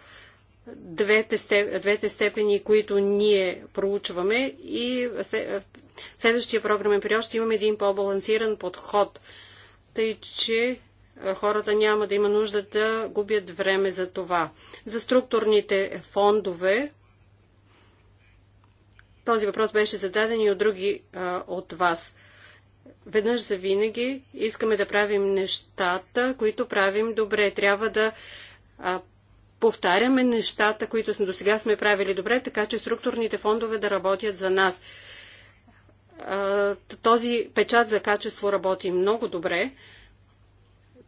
двете, степ, двете степени, които ние проучваме и следващия програмен период ще имаме един по-балансиран подход, тъй че хората няма да има нужда да губят време за това. За структурните фондове този въпрос беше зададен и от други а, от вас. Веднъж за винаги искаме да правим нещата, които правим добре. Трябва да а, повтаряме нещата, които до сега сме правили добре, така че структурните фондове да работят за нас. Този печат за качество работи много добре,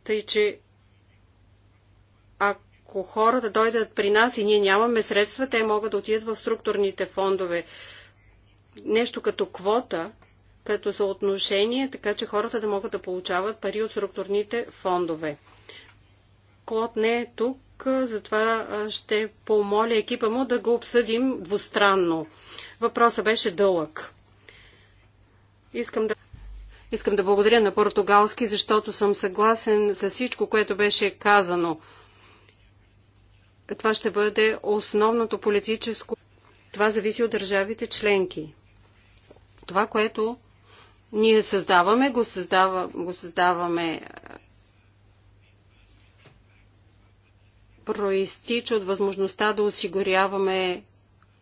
тъй че ако хората дойдат при нас и ние нямаме средства, те могат да отидат в структурните фондове. Нещо като квота, като съотношение, така че хората да могат да получават пари от структурните фондове. Клод не е тук, затова ще помоля екипа му да го обсъдим двустранно. Въпросът беше дълъг. Искам да, искам да благодаря на португалски, защото съм съгласен с всичко, което беше казано. Това ще бъде основното политическо. Това зависи от държавите членки. Това, което ние създаваме, го, създава, го създаваме проистича от възможността да осигуряваме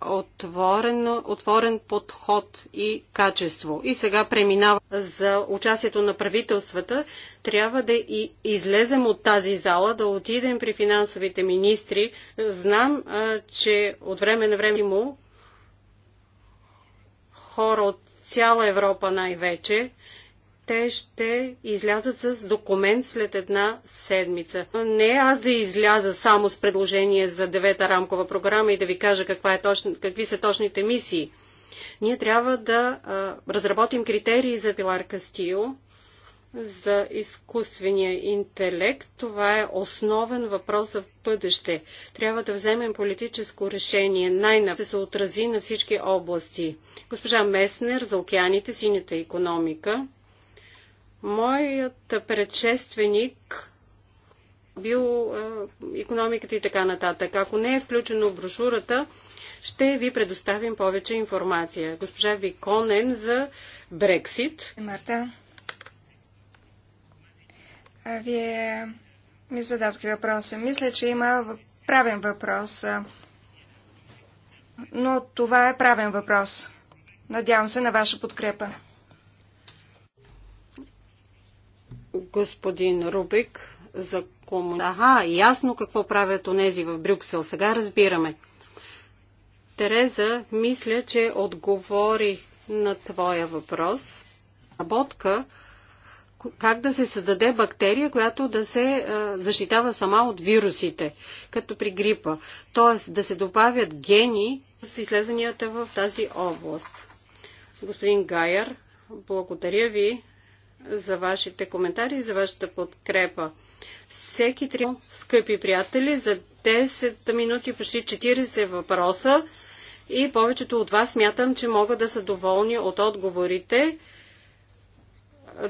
отворен, отворен подход и качество. И сега преминава за участието на правителствата. Трябва да и излезем от тази зала, да отидем при финансовите министри. Знам, а, че от време на време му хора от цяла Европа най-вече те ще излязат с документ след една седмица. Не аз да изляза само с предложение за девета рамкова програма и да ви кажа каква е точно, какви са точните мисии. Ние трябва да а, разработим критерии за Пилар Кастио, за изкуствения интелект. Това е основен въпрос за бъдеще. Трябва да вземем политическо решение. Най-напред се отрази на всички области. Госпожа Меснер за океаните, синята економика. Моят предшественик бил економиката и така нататък. Ако не е включено в брошурата, ще ви предоставим повече информация. Госпожа Виконен за Брексит. Марта,
а вие ми зададохте въпроса. Мисля, че има правен въпрос. Но това е правен въпрос. Надявам се на ваша подкрепа.
господин Рубик за комуна. Ага, ясно какво правят онези в Брюксел. Сега разбираме. Тереза, мисля, че отговорих на твоя въпрос. Работка, как да се създаде бактерия, която да се защитава сама от вирусите, като при грипа. Тоест да се добавят гени с изследванията в тази област. Господин Гайер, благодаря ви за вашите коментари и за вашата подкрепа. Всеки три, скъпи приятели, за 10 минути, почти 40 въпроса и повечето от вас смятам, че могат да са доволни от отговорите.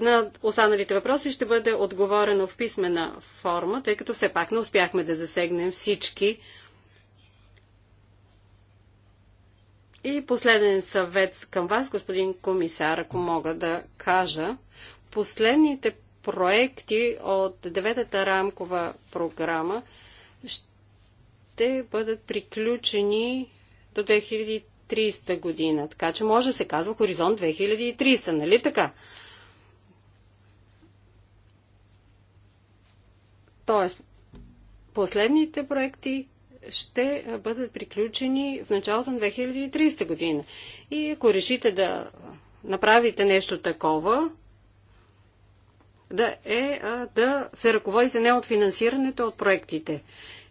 На останалите въпроси ще бъде отговорено в писмена форма, тъй като все пак не успяхме да засегнем всички. И последен съвет към вас, господин комисар, ако мога да кажа последните проекти от деветата рамкова програма ще бъдат приключени до 2030 година. Така че може да се казва Хоризонт 2030, нали така? Тоест, последните проекти ще бъдат приключени в началото на 2030 година. И ако решите да направите нещо такова, да е да се ръководите не от финансирането, а от проектите.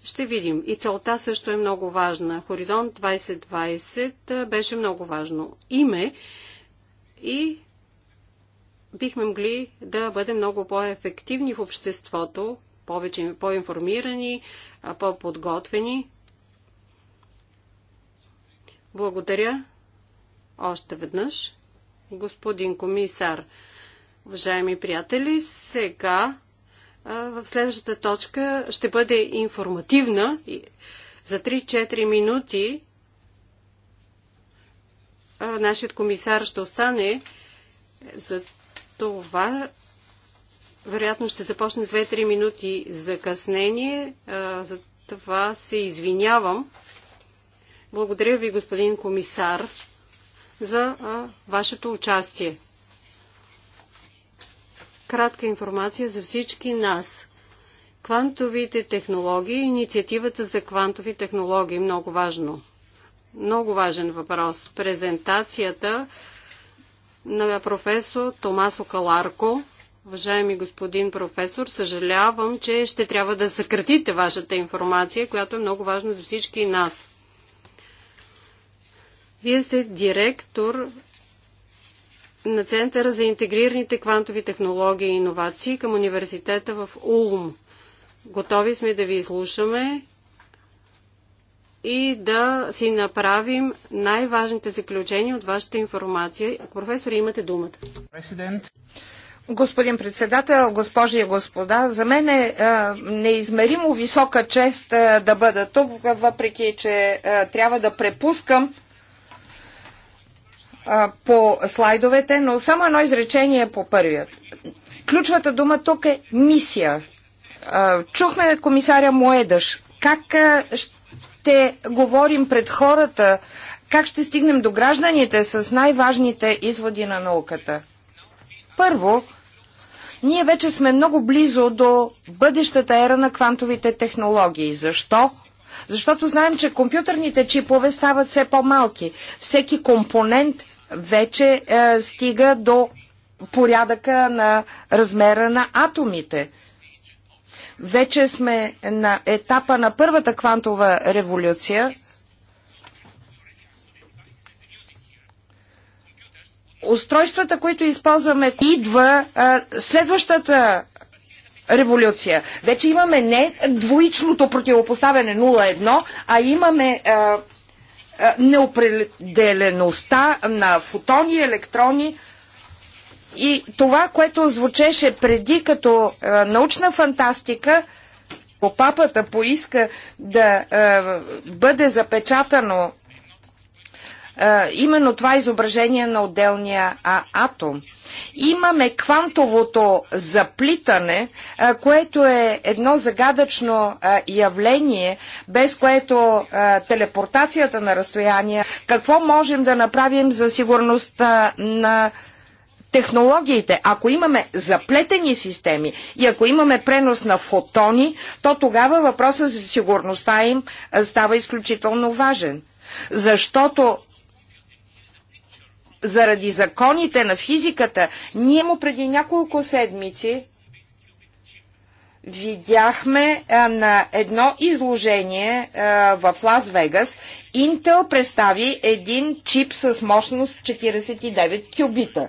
Ще видим. И целта също е много важна. Хоризонт 2020 беше много важно име и бихме могли да бъдем много по-ефективни в обществото, повече по-информирани, по-подготвени. Благодаря още веднъж, господин комисар. Уважаеми приятели, сега в следващата точка ще бъде информативна. За 3-4 минути нашият комисар ще остане. За това вероятно ще започне 2-3 минути закъснение. За това се извинявам. Благодаря ви, господин комисар, за вашето участие кратка информация за всички нас. Квантовите технологии, инициативата за квантови технологии, много важно. Много важен въпрос. Презентацията на професор Томасо Каларко. Уважаеми господин професор, съжалявам, че ще трябва да съкратите вашата информация, която е много важна за всички нас. Вие сте директор на Центъра за интегрираните квантови технологии и иновации към университета в Улм. Готови сме да ви изслушаме и да си направим най-важните заключения от вашата информация. Професор, имате думата.
Господин председател, госпожи и господа, за мен е, е неизмеримо висока чест е, да бъда тук, въпреки че е, трябва да препускам а, по слайдовете, но само едно изречение е по първият. Ключвата дума тук е мисия. А, чухме комисаря Моедаш. Как а, ще говорим пред хората, как ще стигнем до гражданите с най-важните изводи на науката? Първо, ние вече сме много близо до бъдещата ера на квантовите технологии. Защо? Защото знаем, че компютърните чипове стават все по-малки. Всеки компонент вече е, стига до порядъка на размера на атомите. Вече сме на етапа на първата квантова революция. Устройствата, които използваме, идва а, е, следващата революция. Вече имаме не двоичното противопоставяне 0-1, а имаме а, е, е, неопределеността на фотони, електрони и това, което звучеше преди като е, научна фантастика, по папата поиска да е, бъде запечатано е, именно това изображение на отделния а, атом. Имаме квантовото заплитане, а, е, което е едно загадъчно а, е, явление, без което а, телепортацията на разстояние, какво можем да направим за сигурността на технологиите, ако имаме заплетени системи и ако имаме пренос на фотони, то тогава въпросът за сигурността им става изключително важен. Защото заради законите на физиката, ние му преди няколко седмици видяхме а, на едно изложение а, в Лас Вегас. Intel представи един чип с мощност 49 кюбита.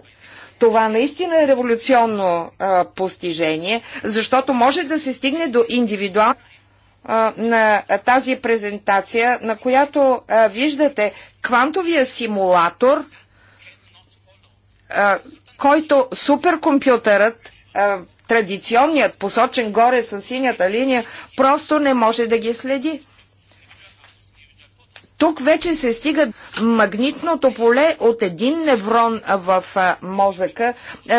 Това наистина е революционно а, постижение, защото може да се стигне до а, на тази презентация, на която а, виждате квантовия симулатор – който суперкомпютърът, традиционният, посочен горе с синята линия, просто не може да ги следи. Тук вече се стига магнитното поле от един неврон в мозъка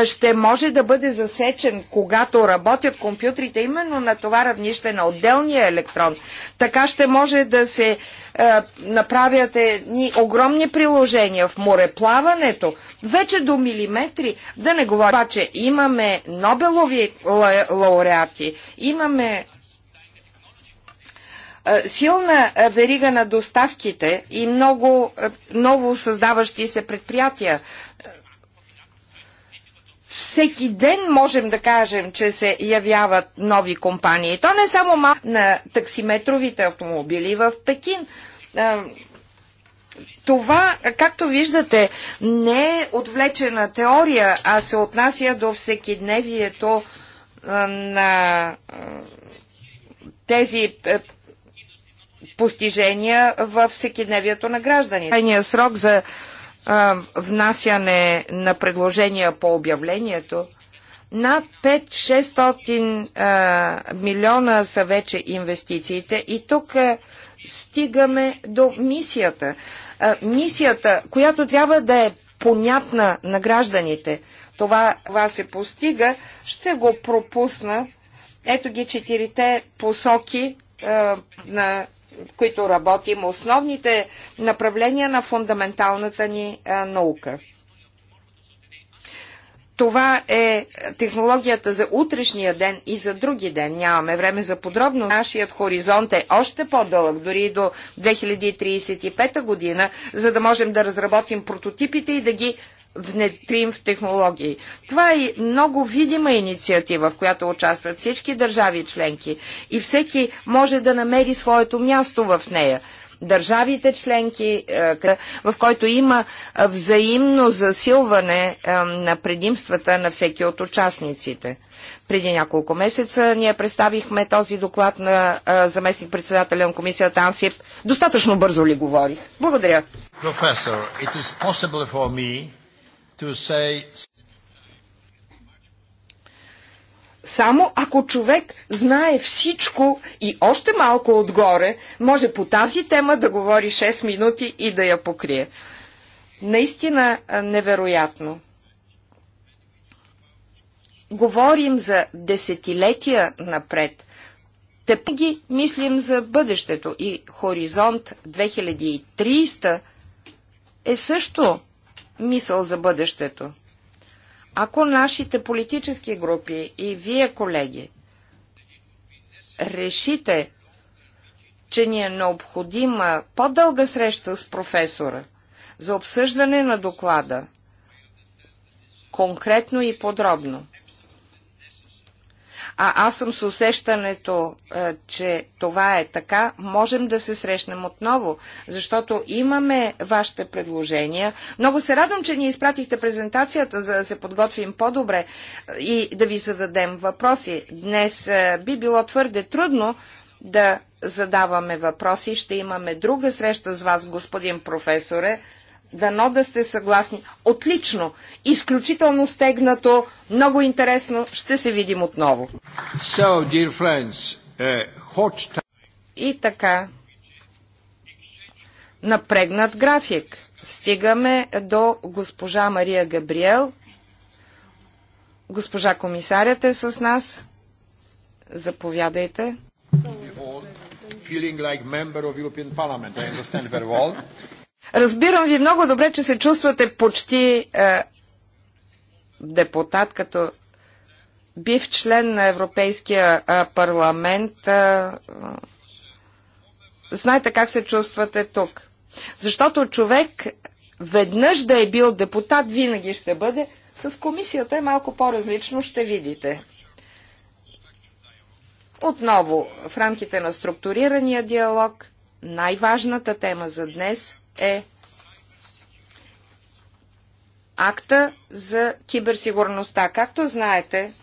ще може да бъде засечен, когато работят компютрите именно на това равнище на отделния електрон. Така ще може да се направят едни огромни приложения в мореплаването, вече до милиметри, да не говоря, че имаме Нобелови лауреати, имаме силна верига на доставките и много ново създаващи се предприятия. Всеки ден можем да кажем, че се явяват нови компании. То не е само на таксиметровите автомобили в Пекин. Това, както виждате, не е отвлечена теория, а се отнася до всекидневието на тези постижения в всекидневието на гражданите. Крайният срок за а, внасяне на предложения по обявлението над 5-600 милиона са вече инвестициите и тук а, стигаме до мисията. А, мисията, която трябва да е понятна на гражданите. Това, това се постига. Ще го пропусна. Ето ги четирите посоки на които работим, основните направления на фундаменталната ни наука. Това е технологията за утрешния ден и за други ден. Нямаме време за подробно. Нашият хоризонт е още по-дълъг, дори и до 2035 година, за да можем да разработим прототипите и да ги внедрим в технологии. Това е много видима инициатива, в която участват всички държави членки и всеки може да намери своето място в нея. Държавите членки, е, в който има е, взаимно засилване е, на предимствата на всеки от участниците. Преди няколко месеца ние представихме този доклад на заместник председателя на комисията Ансип. Достатъчно бързо ли говорих? Благодаря. Професор, to say... Само ако човек знае всичко и още малко отгоре, може по тази тема да говори 6 минути и да я покрие. Наистина невероятно. Говорим за десетилетия напред. Тепо ги мислим за бъдещето и Хоризонт 2300 е също мисъл за бъдещето. Ако нашите политически групи и вие, колеги, решите, че ни е необходима по-дълга среща с професора за обсъждане на доклада, конкретно и подробно, а аз съм с усещането, е, че това е така, можем да се срещнем отново, защото имаме вашите предложения. Много се радвам, че ни изпратихте презентацията, за да се подготвим по-добре е, и да ви зададем въпроси. Днес е, би било твърде трудно да задаваме въпроси. Ще имаме друга среща с вас, господин професоре. Дано да сте съгласни. Отлично! Изключително стегнато, много интересно. Ще се видим отново. So,
dear friends, uh,
hot И така. Напрегнат график. Стигаме до госпожа Мария Габриел. Госпожа комисарят е с нас. Заповядайте. Feeling like member of European Parliament, I understand very well. Разбирам ви много добре, че се чувствате почти е, депутат, като бив член на Европейския е, парламент. Е, е, знаете как се чувствате тук. Защото човек веднъж да е бил депутат, винаги ще бъде. С комисията е малко по-различно, ще видите. Отново, в рамките на структурирания диалог, най-важната тема за днес – е акта за киберсигурността. Както знаете,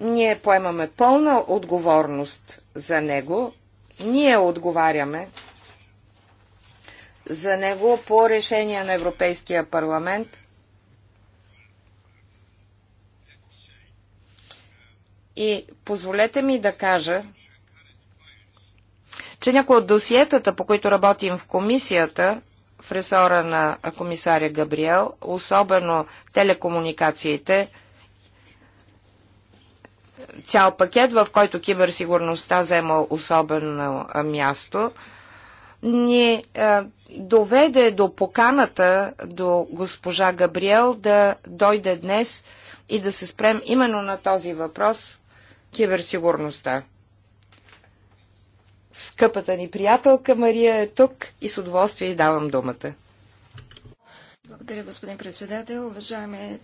ние поемаме пълна отговорност за него. Ние отговаряме за него по решение на Европейския парламент И позволете ми да кажа, че някои от досиетата, по които работим в комисията, в ресора на комисаря Габриел, особено телекомуникациите, цял пакет, в който киберсигурността взема особено място, ни е, доведе до поканата до госпожа Габриел да дойде днес и да се спрем именно на този въпрос киберсигурността. Скъпата ни приятелка Мария е тук и с удоволствие й давам думата.
Благодаря, господин председател. Уважаеми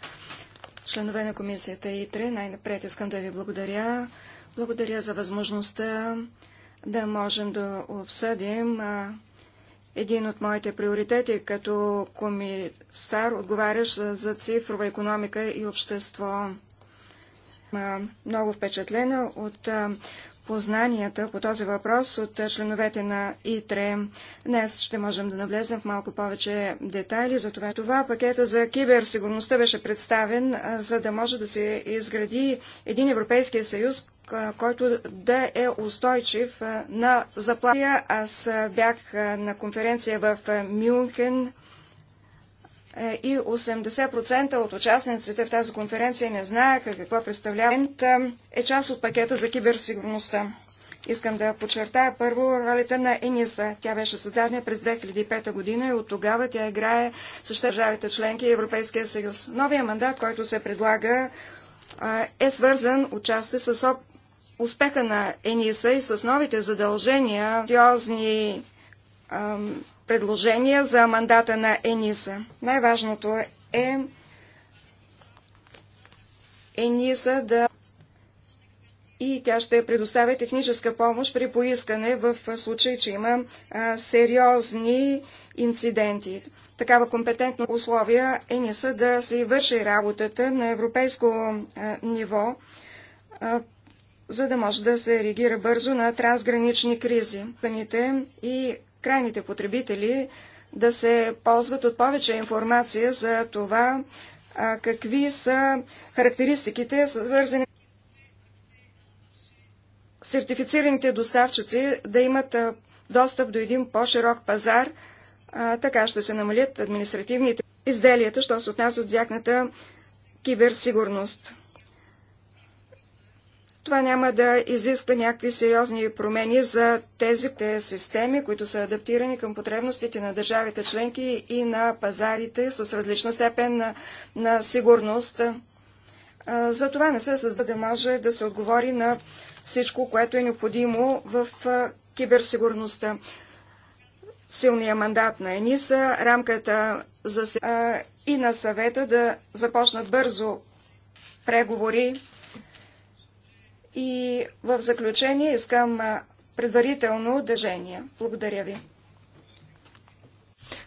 членове на комисията ИТРЕ, най-напред искам да ви благодаря. Благодаря за възможността да можем да обсъдим един от моите приоритети като комисар, отговарящ за цифрова економика и общество. Много впечатлена от познанията по този въпрос от членовете на ИТРЕ. Днес ще можем да навлезем в малко повече детайли за това. Това пакета за киберсигурността беше представен, за да може да се изгради един Европейския съюз, който да е устойчив на заплатия. Аз бях на конференция в Мюнхен и 80% от участниците в тази конференция не знаеха какво представлява. Е част от пакета за киберсигурността. Искам да подчертая първо ролята на ЕНИСА. Тя беше създадена през 2005 година и от тогава тя играе с държавите членки и Европейския съюз. Новия мандат, който се предлага, е свързан отчасти с успеха на ЕНИСА и с новите задължения, сериозни предложения за мандата на ЕНИСА. Най-важното е ЕНИСА да и тя ще предоставя техническа помощ при поискане в случай, че има а, сериозни инциденти. Такава компетентно условия ЕНИСА да се върши работата на европейско а, ниво, а, за да може да се реагира бързо на трансгранични кризи. И крайните потребители да се ползват от повече информация за това, а, какви са характеристиките, свързани сертифицираните доставчици да имат достъп до един по-широк пазар, а, така ще се намалят административните изделията, що се отнася от тяхната киберсигурност. Това няма да изисква някакви сериозни промени за тези системи, които са адаптирани към потребностите на държавите членки и на пазарите с различна степен на, на сигурност. За това не се създаде да може да се отговори на всичко, което е необходимо в киберсигурността. Силния мандат на ЕНИСА, рамката за и на съвета да започнат бързо преговори и в заключение искам предварително държение. Благодаря ви.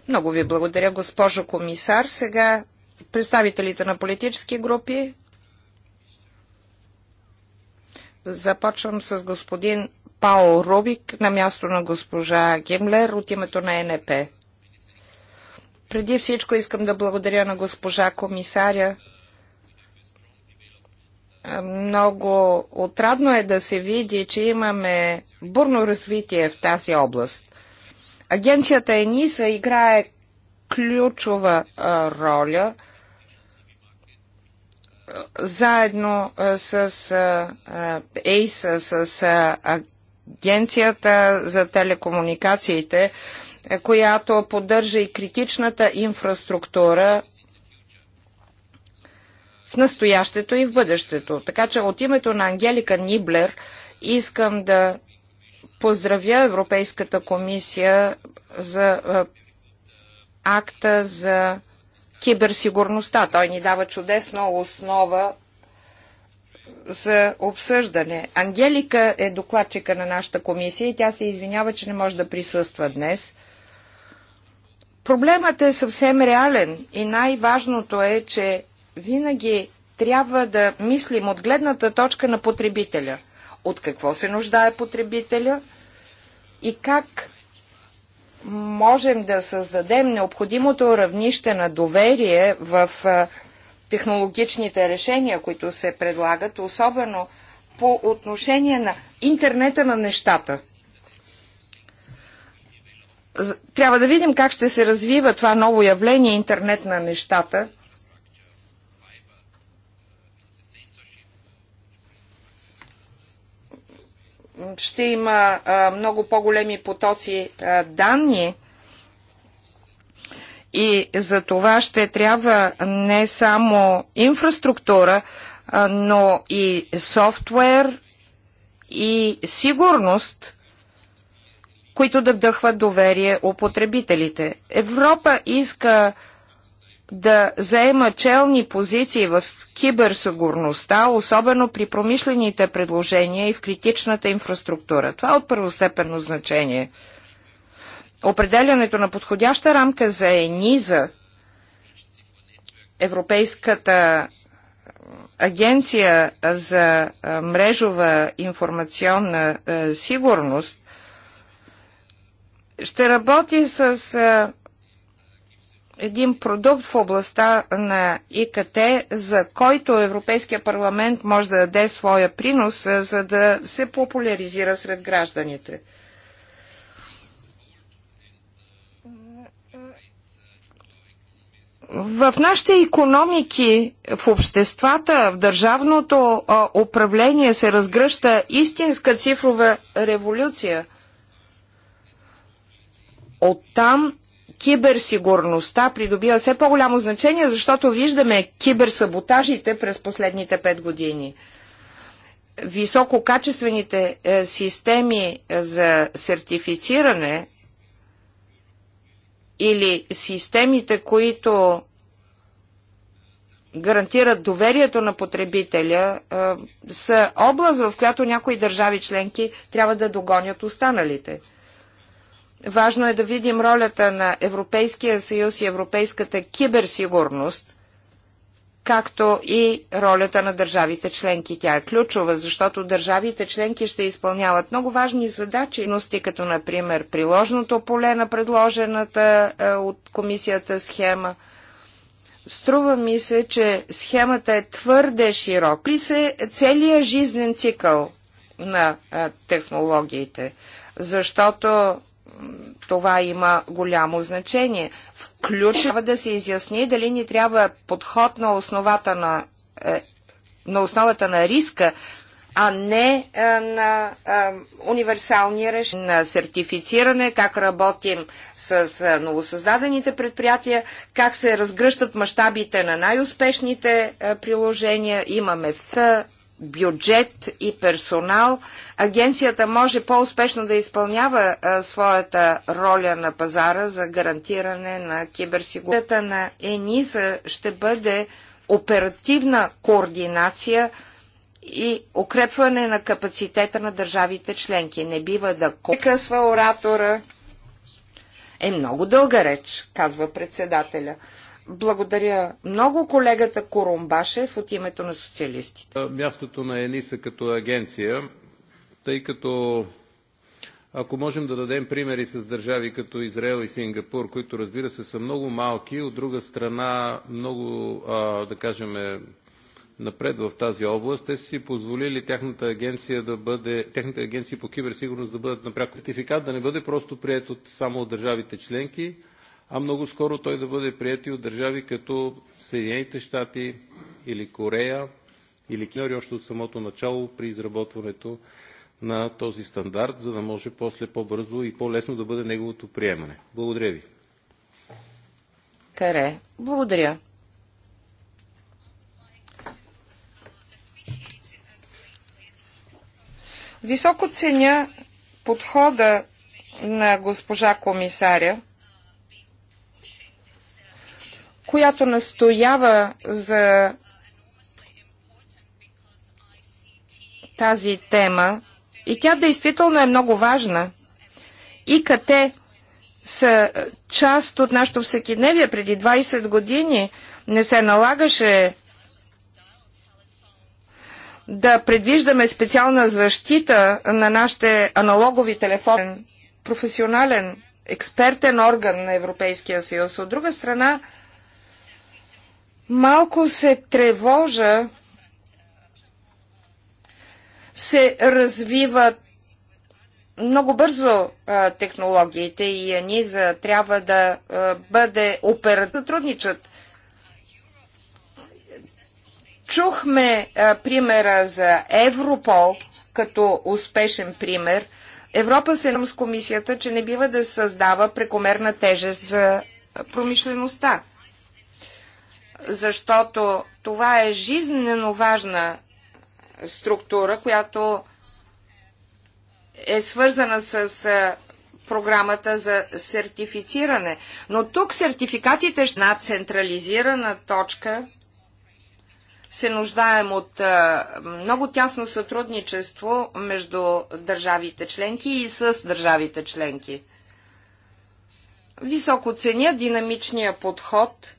Много ви благодаря, госпожо комисар. Сега представителите на политически групи. Започвам с господин Пао Рубик на място на госпожа Гимлер от името на НП. Преди всичко искам да благодаря на госпожа комисаря много отрадно е да се види, че имаме бурно развитие в тази област. Агенцията ЕНИСА играе ключова роля заедно с ЕИСА, с Агенцията за телекомуникациите, която поддържа и критичната инфраструктура в настоящето и в бъдещето. Така че от името на Ангелика Ниблер искам да поздравя Европейската комисия за акта за киберсигурността. Той ни дава чудесна основа за обсъждане. Ангелика е докладчика на нашата комисия и тя се извинява, че не може да присъства днес. Проблемът е съвсем реален и най-важното е, че винаги трябва да мислим от гледната точка на потребителя. От какво се нуждае потребителя и как можем да създадем необходимото равнище на доверие в технологичните решения, които се предлагат, особено по отношение на интернета на нещата. Трябва да видим как ще се развива това ново явление интернет на нещата ще има много по-големи потоци данни и за това ще трябва не само инфраструктура, но и софтуер и сигурност, които да вдъхват доверие у потребителите. Европа иска да заема челни позиции в киберсигурността, особено при промишлените предложения и в критичната инфраструктура. Това е от първостепенно значение. Определянето на подходяща рамка за ЕНИЗА, Европейската агенция за мрежова информационна сигурност, ще работи с един продукт в областта на ИКТ, за който Европейския парламент може да даде своя принос, е, за да се популяризира сред гражданите. в нашите економики, в обществата, в държавното управление се разгръща истинска цифрова революция. Оттам киберсигурността придобива все по-голямо значение, защото виждаме киберсаботажите през последните 5 години. Висококачествените е, системи е, за сертифициране или системите, които гарантират доверието на потребителя, е, са област, в която някои държави членки трябва да догонят останалите. Важно е да видим ролята на Европейския съюз и Европейската киберсигурност, както и ролята на държавите членки. Тя е ключова, защото държавите членки ще изпълняват много важни задачи, като например приложното поле на предложената е, от комисията схема. Струва ми се, че схемата е твърде широк. При се целият жизнен цикъл на е, технологиите, защото това има голямо значение. Включва да се изясни дали ни трябва подход на, основата на, е, на основата на риска, а не е, на е, универсални решения, на сертифициране, как работим с новосъздадените предприятия, как се разгръщат мащабите на най-успешните приложения. Имаме в бюджет и персонал, агенцията може по-успешно да изпълнява а, своята роля на пазара за гарантиране на киберсигурността на ЕНИСА ще бъде оперативна координация и укрепване на капацитета на държавите членки. Не бива да късва оратора. Е много дълга реч, казва председателя. Благодаря много колегата Корумбашев от името на социалистите.
Мястото на ЕНИСА като агенция, тъй като ако можем да дадем примери с държави като Израел и Сингапур, които разбира се са много малки, от друга страна много, да кажем, напред в тази област, те са си позволили тяхната агенция да бъде, техните агенция по киберсигурност да бъдат напряко сертификат, да не бъде просто прият от, само от държавите членки, а много скоро той да бъде прият и от държави като Съединените щати или Корея или Кинори още от самото начало при изработването на този стандарт, за да може после по-бързо и по-лесно да бъде неговото приемане. Благодаря ви.
Каре, благодаря. Високо ценя подхода на госпожа комисаря която настоява за тази тема и тя действително е много важна. ИКТ са част от нашето всекидневие. Преди 20 години не се налагаше да предвиждаме специална защита на нашите аналогови телефони. Професионален експертен орган на Европейския съюз. От друга страна, Малко се тревожа, се развиват много бързо а, технологиите и АНИЗА трябва да а, бъде оператор. сътрудничат. Чухме а, примера за Европол като успешен пример. Европа се нам с комисията, че не бива да създава прекомерна тежест за промишлеността защото това е жизненно важна структура, която е свързана с програмата за сертифициране. Но тук сертификатите на централизирана точка се нуждаем от много тясно сътрудничество между държавите членки и с държавите членки. Високо ценя динамичния подход –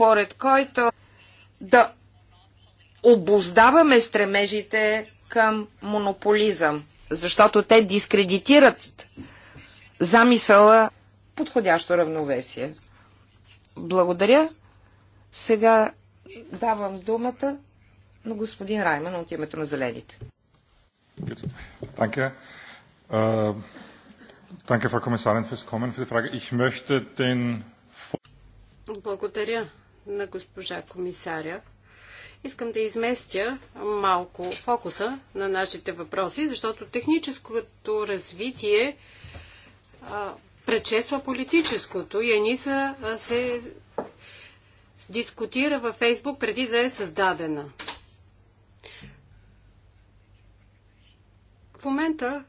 според който да обоздаваме стремежите към монополизъм, защото те дискредитират замисъла подходящо равновесие. Благодаря. Сега давам думата на господин Райман от името на Зелените. Danke. Uh, danke, Frau
Kommissarin, fürs Kommen, für die Frage. Ich möchte den...
Благодаря, на госпожа комисаря. Искам да изместя малко фокуса на нашите въпроси, защото техническото развитие а, предшества политическото и Аниса се дискутира във Фейсбук преди да е създадена. В момента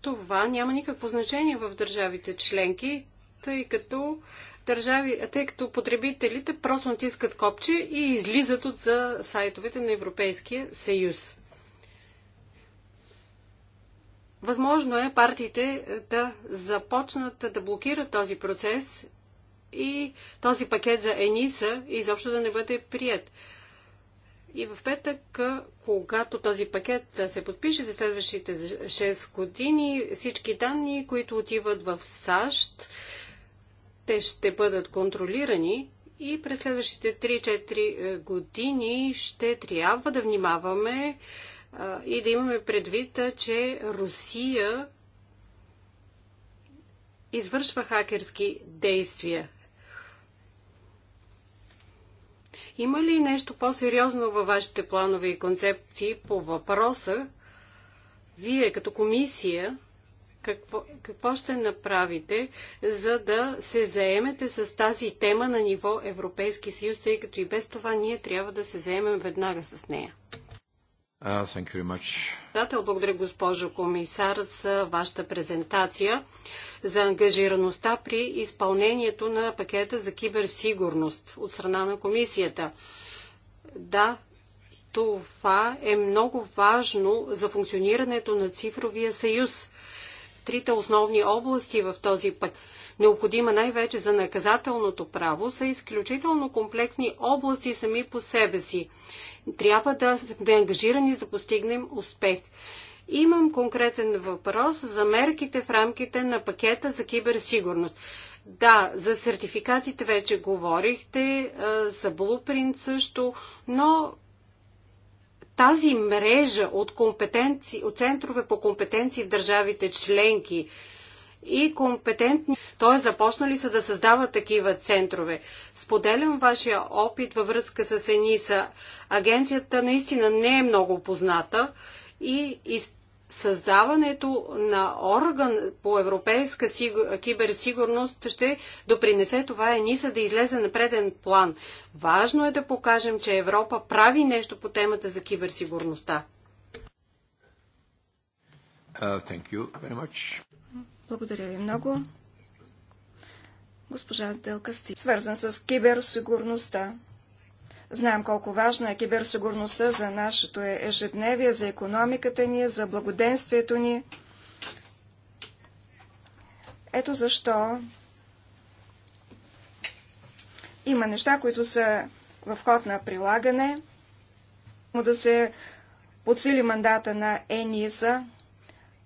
това няма никакво значение в държавите членки, тъй като държави, тъй като потребителите просто натискат копче и излизат от за сайтовете на Европейския съюз. Възможно е партиите е, да започнат да блокират този процес и този пакет за ЕНИСА изобщо да не бъде прият. И в петък, е, когато този пакет е, се подпише за следващите 6 години, всички данни, които отиват в САЩ, те ще бъдат контролирани и през следващите 3-4 е, години ще трябва да внимаваме е, и да имаме предвид, е, че Русия извършва хакерски действия. Има ли нещо по-сериозно във вашите планове и концепции по въпроса, вие като комисия какво, какво ще направите, за да се заемете с тази тема на ниво Европейски съюз, тъй като и без това ние трябва да се заемем веднага с нея?
Председател,
благодаря госпожо комисар за вашата презентация за ангажираността при изпълнението на пакета за киберсигурност от страна на комисията. Да, това е много важно за функционирането на цифровия съюз трите основни области в този път необходима най-вече за наказателното право, са изключително комплексни области сами по себе си. Трябва да сме ангажирани за да постигнем успех. Имам конкретен въпрос за мерките в рамките на пакета за киберсигурност. Да, за сертификатите вече говорихте, за Blueprint също, но тази мрежа от, компетенции, от центрове по компетенции в държавите членки и компетентни, т.е. започнали са да създават такива центрове. Споделям вашия опит във връзка с ЕНИСА. Агенцията наистина не е много позната и, и създаването на орган по европейска киберсигурност ще допринесе това ЕНИСА да излезе на преден план. Важно е да покажем, че Европа прави нещо по темата за киберсигурността.
Uh,
Благодаря ви много. Госпожа Делка Стив, свързан с киберсигурността. Знаем колко важна е киберсигурността за нашето е- ежедневие, за економиката ни, за благоденствието ни. Ето защо има неща, които са в ход на прилагане, му да се подсили мандата на ЕНИСА,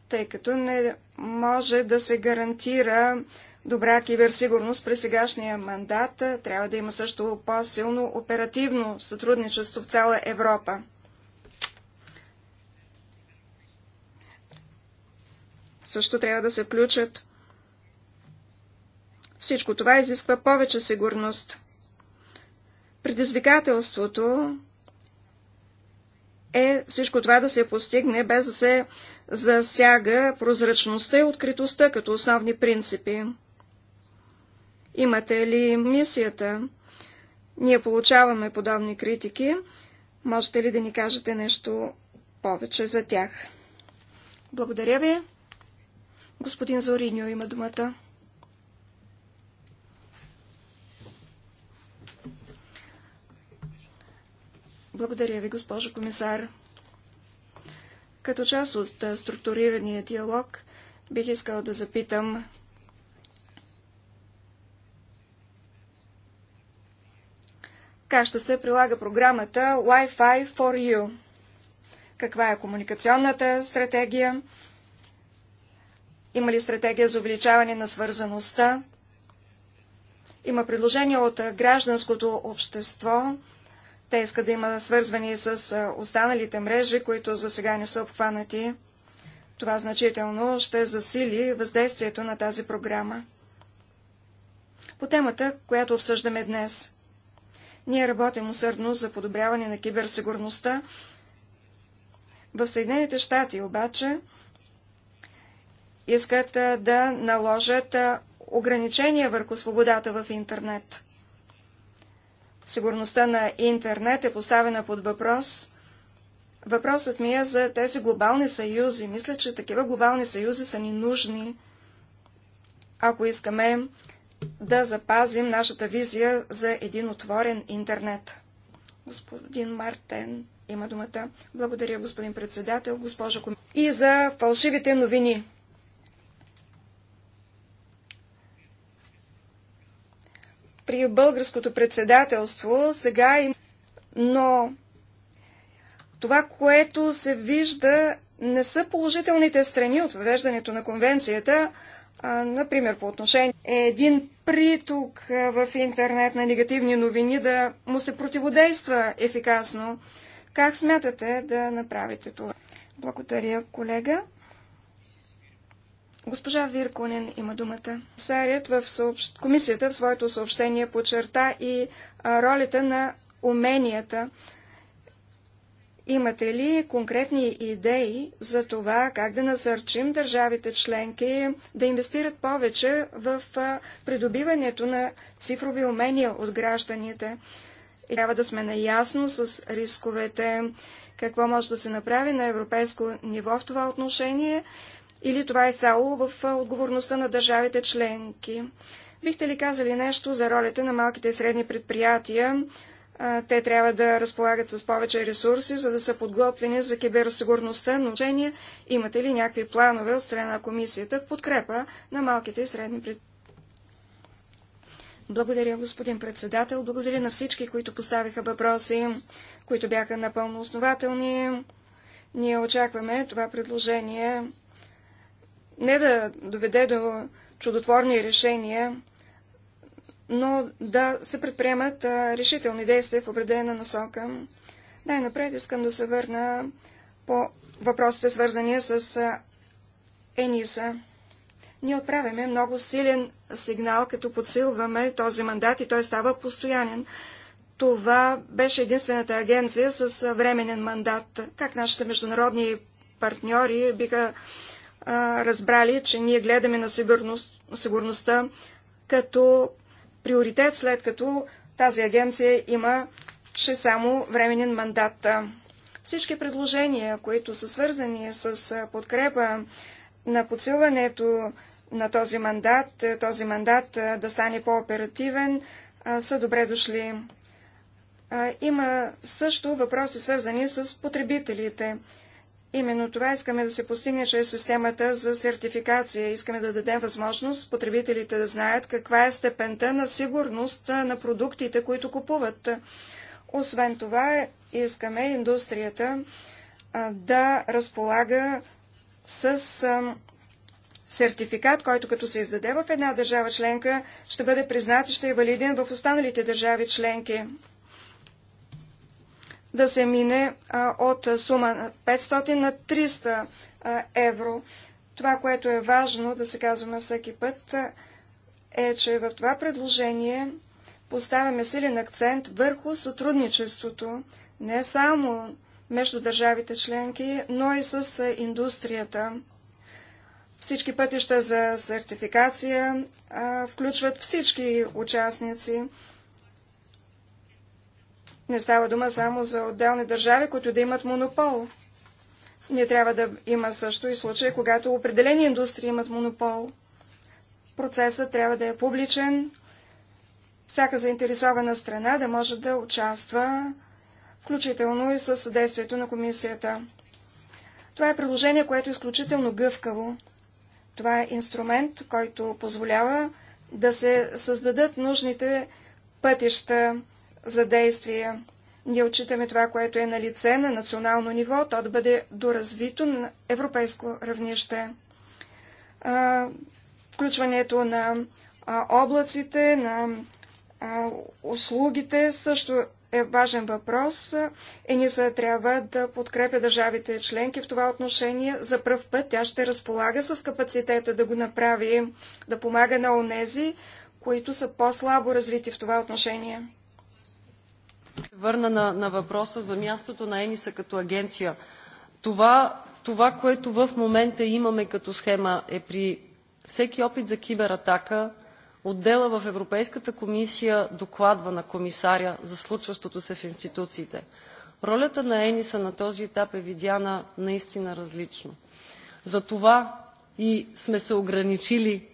тъй като не може да се гарантира добра киберсигурност при сегашния мандат. Трябва да има също по-силно оперативно сътрудничество в цяла Европа. Също трябва да се включат. Всичко това изисква повече сигурност. Предизвикателството е всичко това да се постигне без да се засяга прозрачността и откритостта като основни принципи. Имате ли мисията? Ние получаваме подобни критики. Можете ли да ни кажете нещо повече за тях? Благодаря ви. Господин Зориньо има думата. Благодаря ви, госпожо комисар. Като част от структурирания диалог, бих искал да запитам Как ще се прилага програмата Wi-Fi for You? Каква е комуникационната стратегия? Има ли стратегия за увеличаване на свързаността? Има предложения от гражданското общество. Те искат да има свързвани с останалите мрежи, които за сега не са обхванати. Това значително ще засили въздействието на тази програма. По темата, която обсъждаме днес. Ние работим усърдно за подобряване на киберсигурността. В Съединените щати обаче искат да наложат ограничения върху свободата в интернет. Сигурността на интернет е поставена под въпрос. Въпросът ми е за тези глобални съюзи. Мисля, че такива глобални съюзи са ни нужни, ако искаме да запазим нашата визия за един отворен интернет. Господин Мартен има думата. Благодаря, господин председател, госпожо Ком... И за фалшивите новини. При българското председателство сега им... Но това, което се вижда, не са положителните страни от въвеждането на конвенцията, например, по отношение е един приток в интернет на негативни новини, да му се противодейства ефикасно. Как смятате да направите това? Благодаря, колега. Госпожа Вирконен има думата. Сарият в съобщ... Комисията в своето съобщение подчерта и ролята на уменията Имате ли конкретни идеи за това как да насърчим държавите членки да инвестират повече в придобиването на цифрови умения от гражданите? И трябва да сме наясно с рисковете, какво може да се направи на европейско ниво в това отношение или това е цяло в отговорността на държавите членки. Бихте ли казали нещо за ролята на малките и средни предприятия те трябва да разполагат с повече ресурси, за да са подготвени за киберсигурността, но учение имате ли някакви планове от страна на комисията в подкрепа на малките и средни предприятия? Благодаря, господин председател. Благодаря на всички, които поставиха въпроси, които бяха напълно основателни. Ние очакваме това предложение не да доведе до чудотворни решения, но да се предприемат решителни действия в определена насока. Най-напред искам да се върна по въпросите, свързани с ЕНИСА. Ние отправяме много силен сигнал, като подсилваме този мандат и той става постоянен. Това беше единствената агенция с временен мандат. Как нашите международни партньори биха а, разбрали, че ние гледаме на сигурност, сигурността като приоритет, след като тази агенция ще само временен мандат. Всички предложения, които са свързани с подкрепа на подсилването на този мандат, е, този мандат е, да стане по-оперативен, е, са добре дошли. Има също въпроси свързани с потребителите. Именно това искаме да се постигне чрез системата за сертификация. Искаме да дадем възможност потребителите да знаят каква е степента на сигурност на продуктите, които купуват. Освен това, искаме индустрията да разполага с сертификат, който като се издаде в една държава членка, ще бъде признат и ще е валиден в останалите държави членки да се мине от сума на 500 на 300 евро. Това, което е важно да се казваме всеки път, е, че в това предложение поставяме силен акцент върху сътрудничеството не само между държавите членки, но и с индустрията. Всички пътища за сертификация а, включват всички участници. Не става дума само за отделни държави, които да имат монопол. Не трябва да има също и случаи, когато определени индустрии имат монопол. Процесът трябва да е публичен, всяка заинтересована страна да може да участва, включително и със съдействието на комисията. Това е приложение, което е изключително гъвкаво. Това е инструмент, който позволява да се създадат нужните пътища за действие. Ние отчитаме това, което е на лице на национално ниво, то да бъде доразвито на европейско равнище. Включването на облаците, на услугите също е важен въпрос. ЕНИСА трябва да подкрепя държавите членки в това отношение. За пръв път тя ще разполага с капацитета да го направи, да помага на онези, които са по-слабо развити в това отношение.
Върна на, на въпроса за мястото на ЕНИСА като агенция. Това, това, което в момента имаме като схема е при всеки опит за кибератака, отдела в Европейската комисия докладва на комисаря за случващото се в институциите. Ролята на ЕНИСА на този етап е видяна наистина различно. Затова и сме се ограничили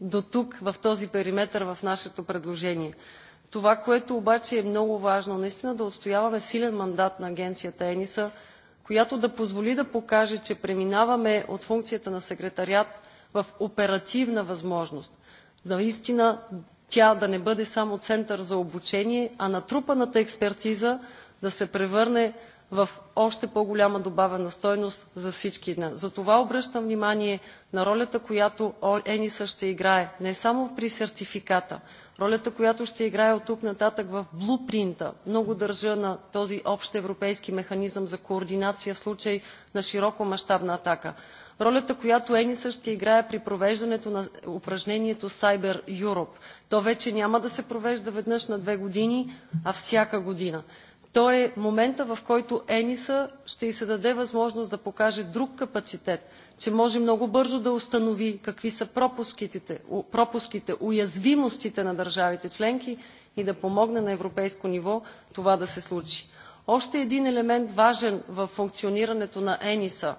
до тук в този периметър в нашето предложение. Това, което обаче е много важно, наистина да отстояваме силен мандат на агенцията ЕНИСА, която да позволи да покаже, че преминаваме от функцията на секретариат в оперативна възможност. Наистина тя да не бъде само център за обучение, а натрупаната експертиза да се превърне в още по-голяма добавена стойност за всички. Затова обръщам внимание на ролята, която ЕНИСА ще играе не само при сертификата, ролята, която ще играе от тук нататък в блупринта. Много държа на този общ европейски механизъм за координация в случай на широко мащабна атака. Ролята, която ЕНИСА ще играе при провеждането на упражнението Cyber Europe. То вече няма да се провежда веднъж на две години, а всяка година. То е момента, в който ЕНИСА ще й се даде възможност да покаже друг капацитет, че може много бързо да установи какви са пропуските, пропуските уязвимостите на държавите членки и да помогне на европейско ниво това да се случи. Още един елемент важен в функционирането на ЕНИСА,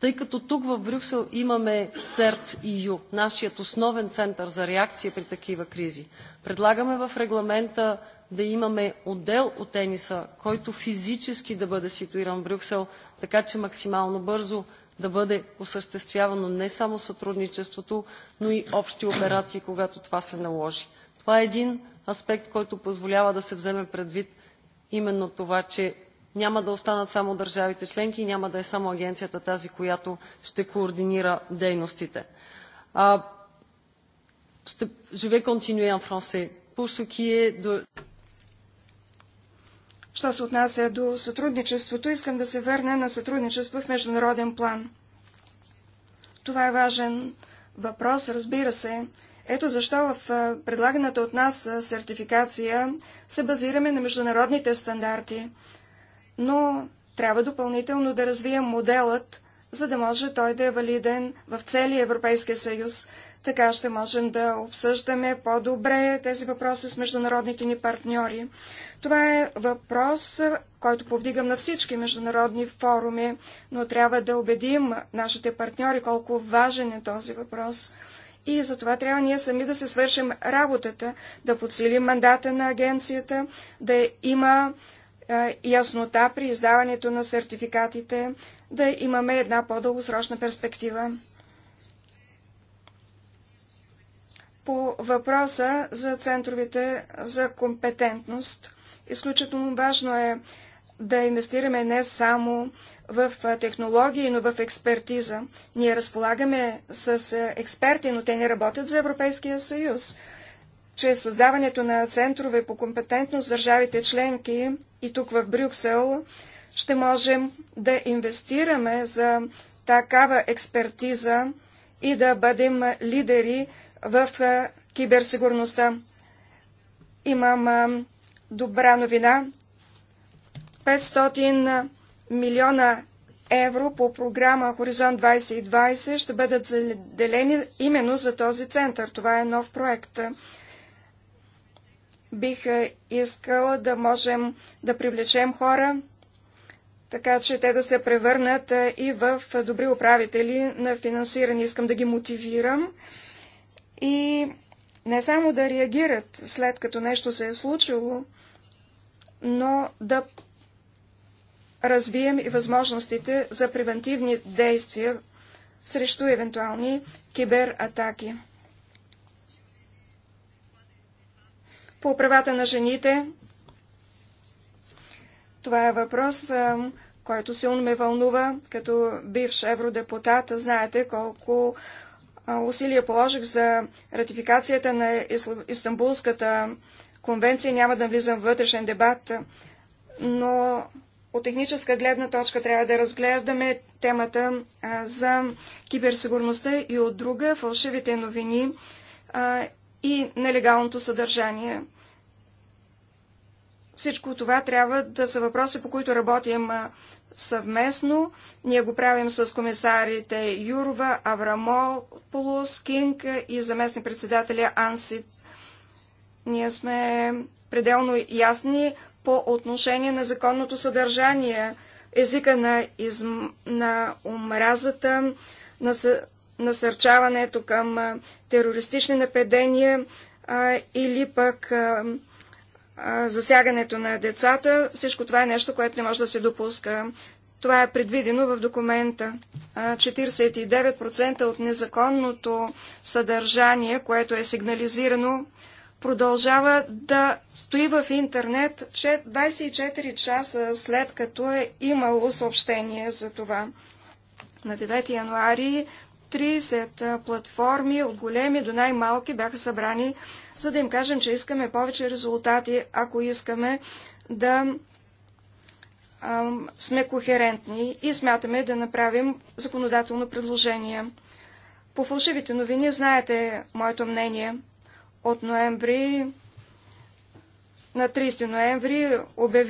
тъй като тук в Брюксел имаме СЕРТ ИЮ, нашият основен център за реакция при такива кризи. Предлагаме в регламента да имаме отдел от тениса, който физически да бъде ситуиран в Брюксел, така че максимално бързо да бъде осъществявано не само сътрудничеството, но и общи операции, когато това се наложи. Това е един аспект, който позволява да се вземе предвид именно това, че няма да останат само държавите членки и няма да е само агенцията тази, която ще координира дейностите. Je vais continuer en français. Pour ce qui est de
Що се отнася до сътрудничеството, искам да се върна на сътрудничество в международен план. Това е важен въпрос, разбира се. Ето защо в предлаганата от нас сертификация се базираме на международните стандарти, но трябва допълнително да развием моделът, за да може той да е валиден в целия Европейския съюз. Така ще можем да обсъждаме по-добре тези въпроси с международните ни партньори. Това е въпрос, който повдигам на всички международни форуми, но трябва да убедим нашите партньори колко важен е този въпрос. И затова трябва ние сами да се свършим работата, да подсилим мандата на агенцията, да има е, яснота при издаването на сертификатите, да имаме една по-дългосрочна перспектива. по въпроса за центровете за компетентност. Изключително важно е да инвестираме не само в технологии, но в експертиза. Ние разполагаме с експерти, но те не работят за Европейския съюз. Чрез създаването на центрове по компетентност държавите членки и тук в Брюксел ще можем да инвестираме за такава експертиза и да бъдем лидери в киберсигурността. Имам добра новина. 500 милиона евро по програма Хоризонт 2020 ще бъдат заделени именно за този център. Това е нов проект. Бих искала да можем да привлечем хора, така че те да се превърнат и в добри управители на финансиране. Искам да ги мотивирам и не само да реагират след като нещо се е случило, но да развием и възможностите за превентивни действия срещу евентуални кибератаки. По правата на жените, това е въпрос, който силно ме вълнува. Като бивш евродепутат, знаете колко усилия положих за ратификацията на Истанбулската конвенция. Няма да влизам в вътрешен дебат, но от техническа гледна точка трябва да разгледаме темата за киберсигурността и от друга фалшивите новини и нелегалното съдържание. Всичко това трябва да са въпроси, по които работим съвместно. Ние го правим с комисарите Юрва, Аврамополос, Кинг и заместни председателя Ансит. Ние сме пределно ясни по отношение на законното съдържание, езика на, изм... на омразата, на съ... насърчаването към терористични нападения а, или пък а, засягането на децата. Всичко това е нещо, което не може да се допуска. Това е предвидено в документа. 49% от незаконното съдържание, което е сигнализирано, продължава да стои в интернет 24 часа след като е имало съобщение за това. На 9 януари 30 платформи от големи до най-малки бяха събрани за да им кажем, че искаме повече резултати, ако искаме да а, сме кохерентни и смятаме да направим законодателно предложение. По фалшивите новини знаете моето мнение. От ноември на 30 ноември обяви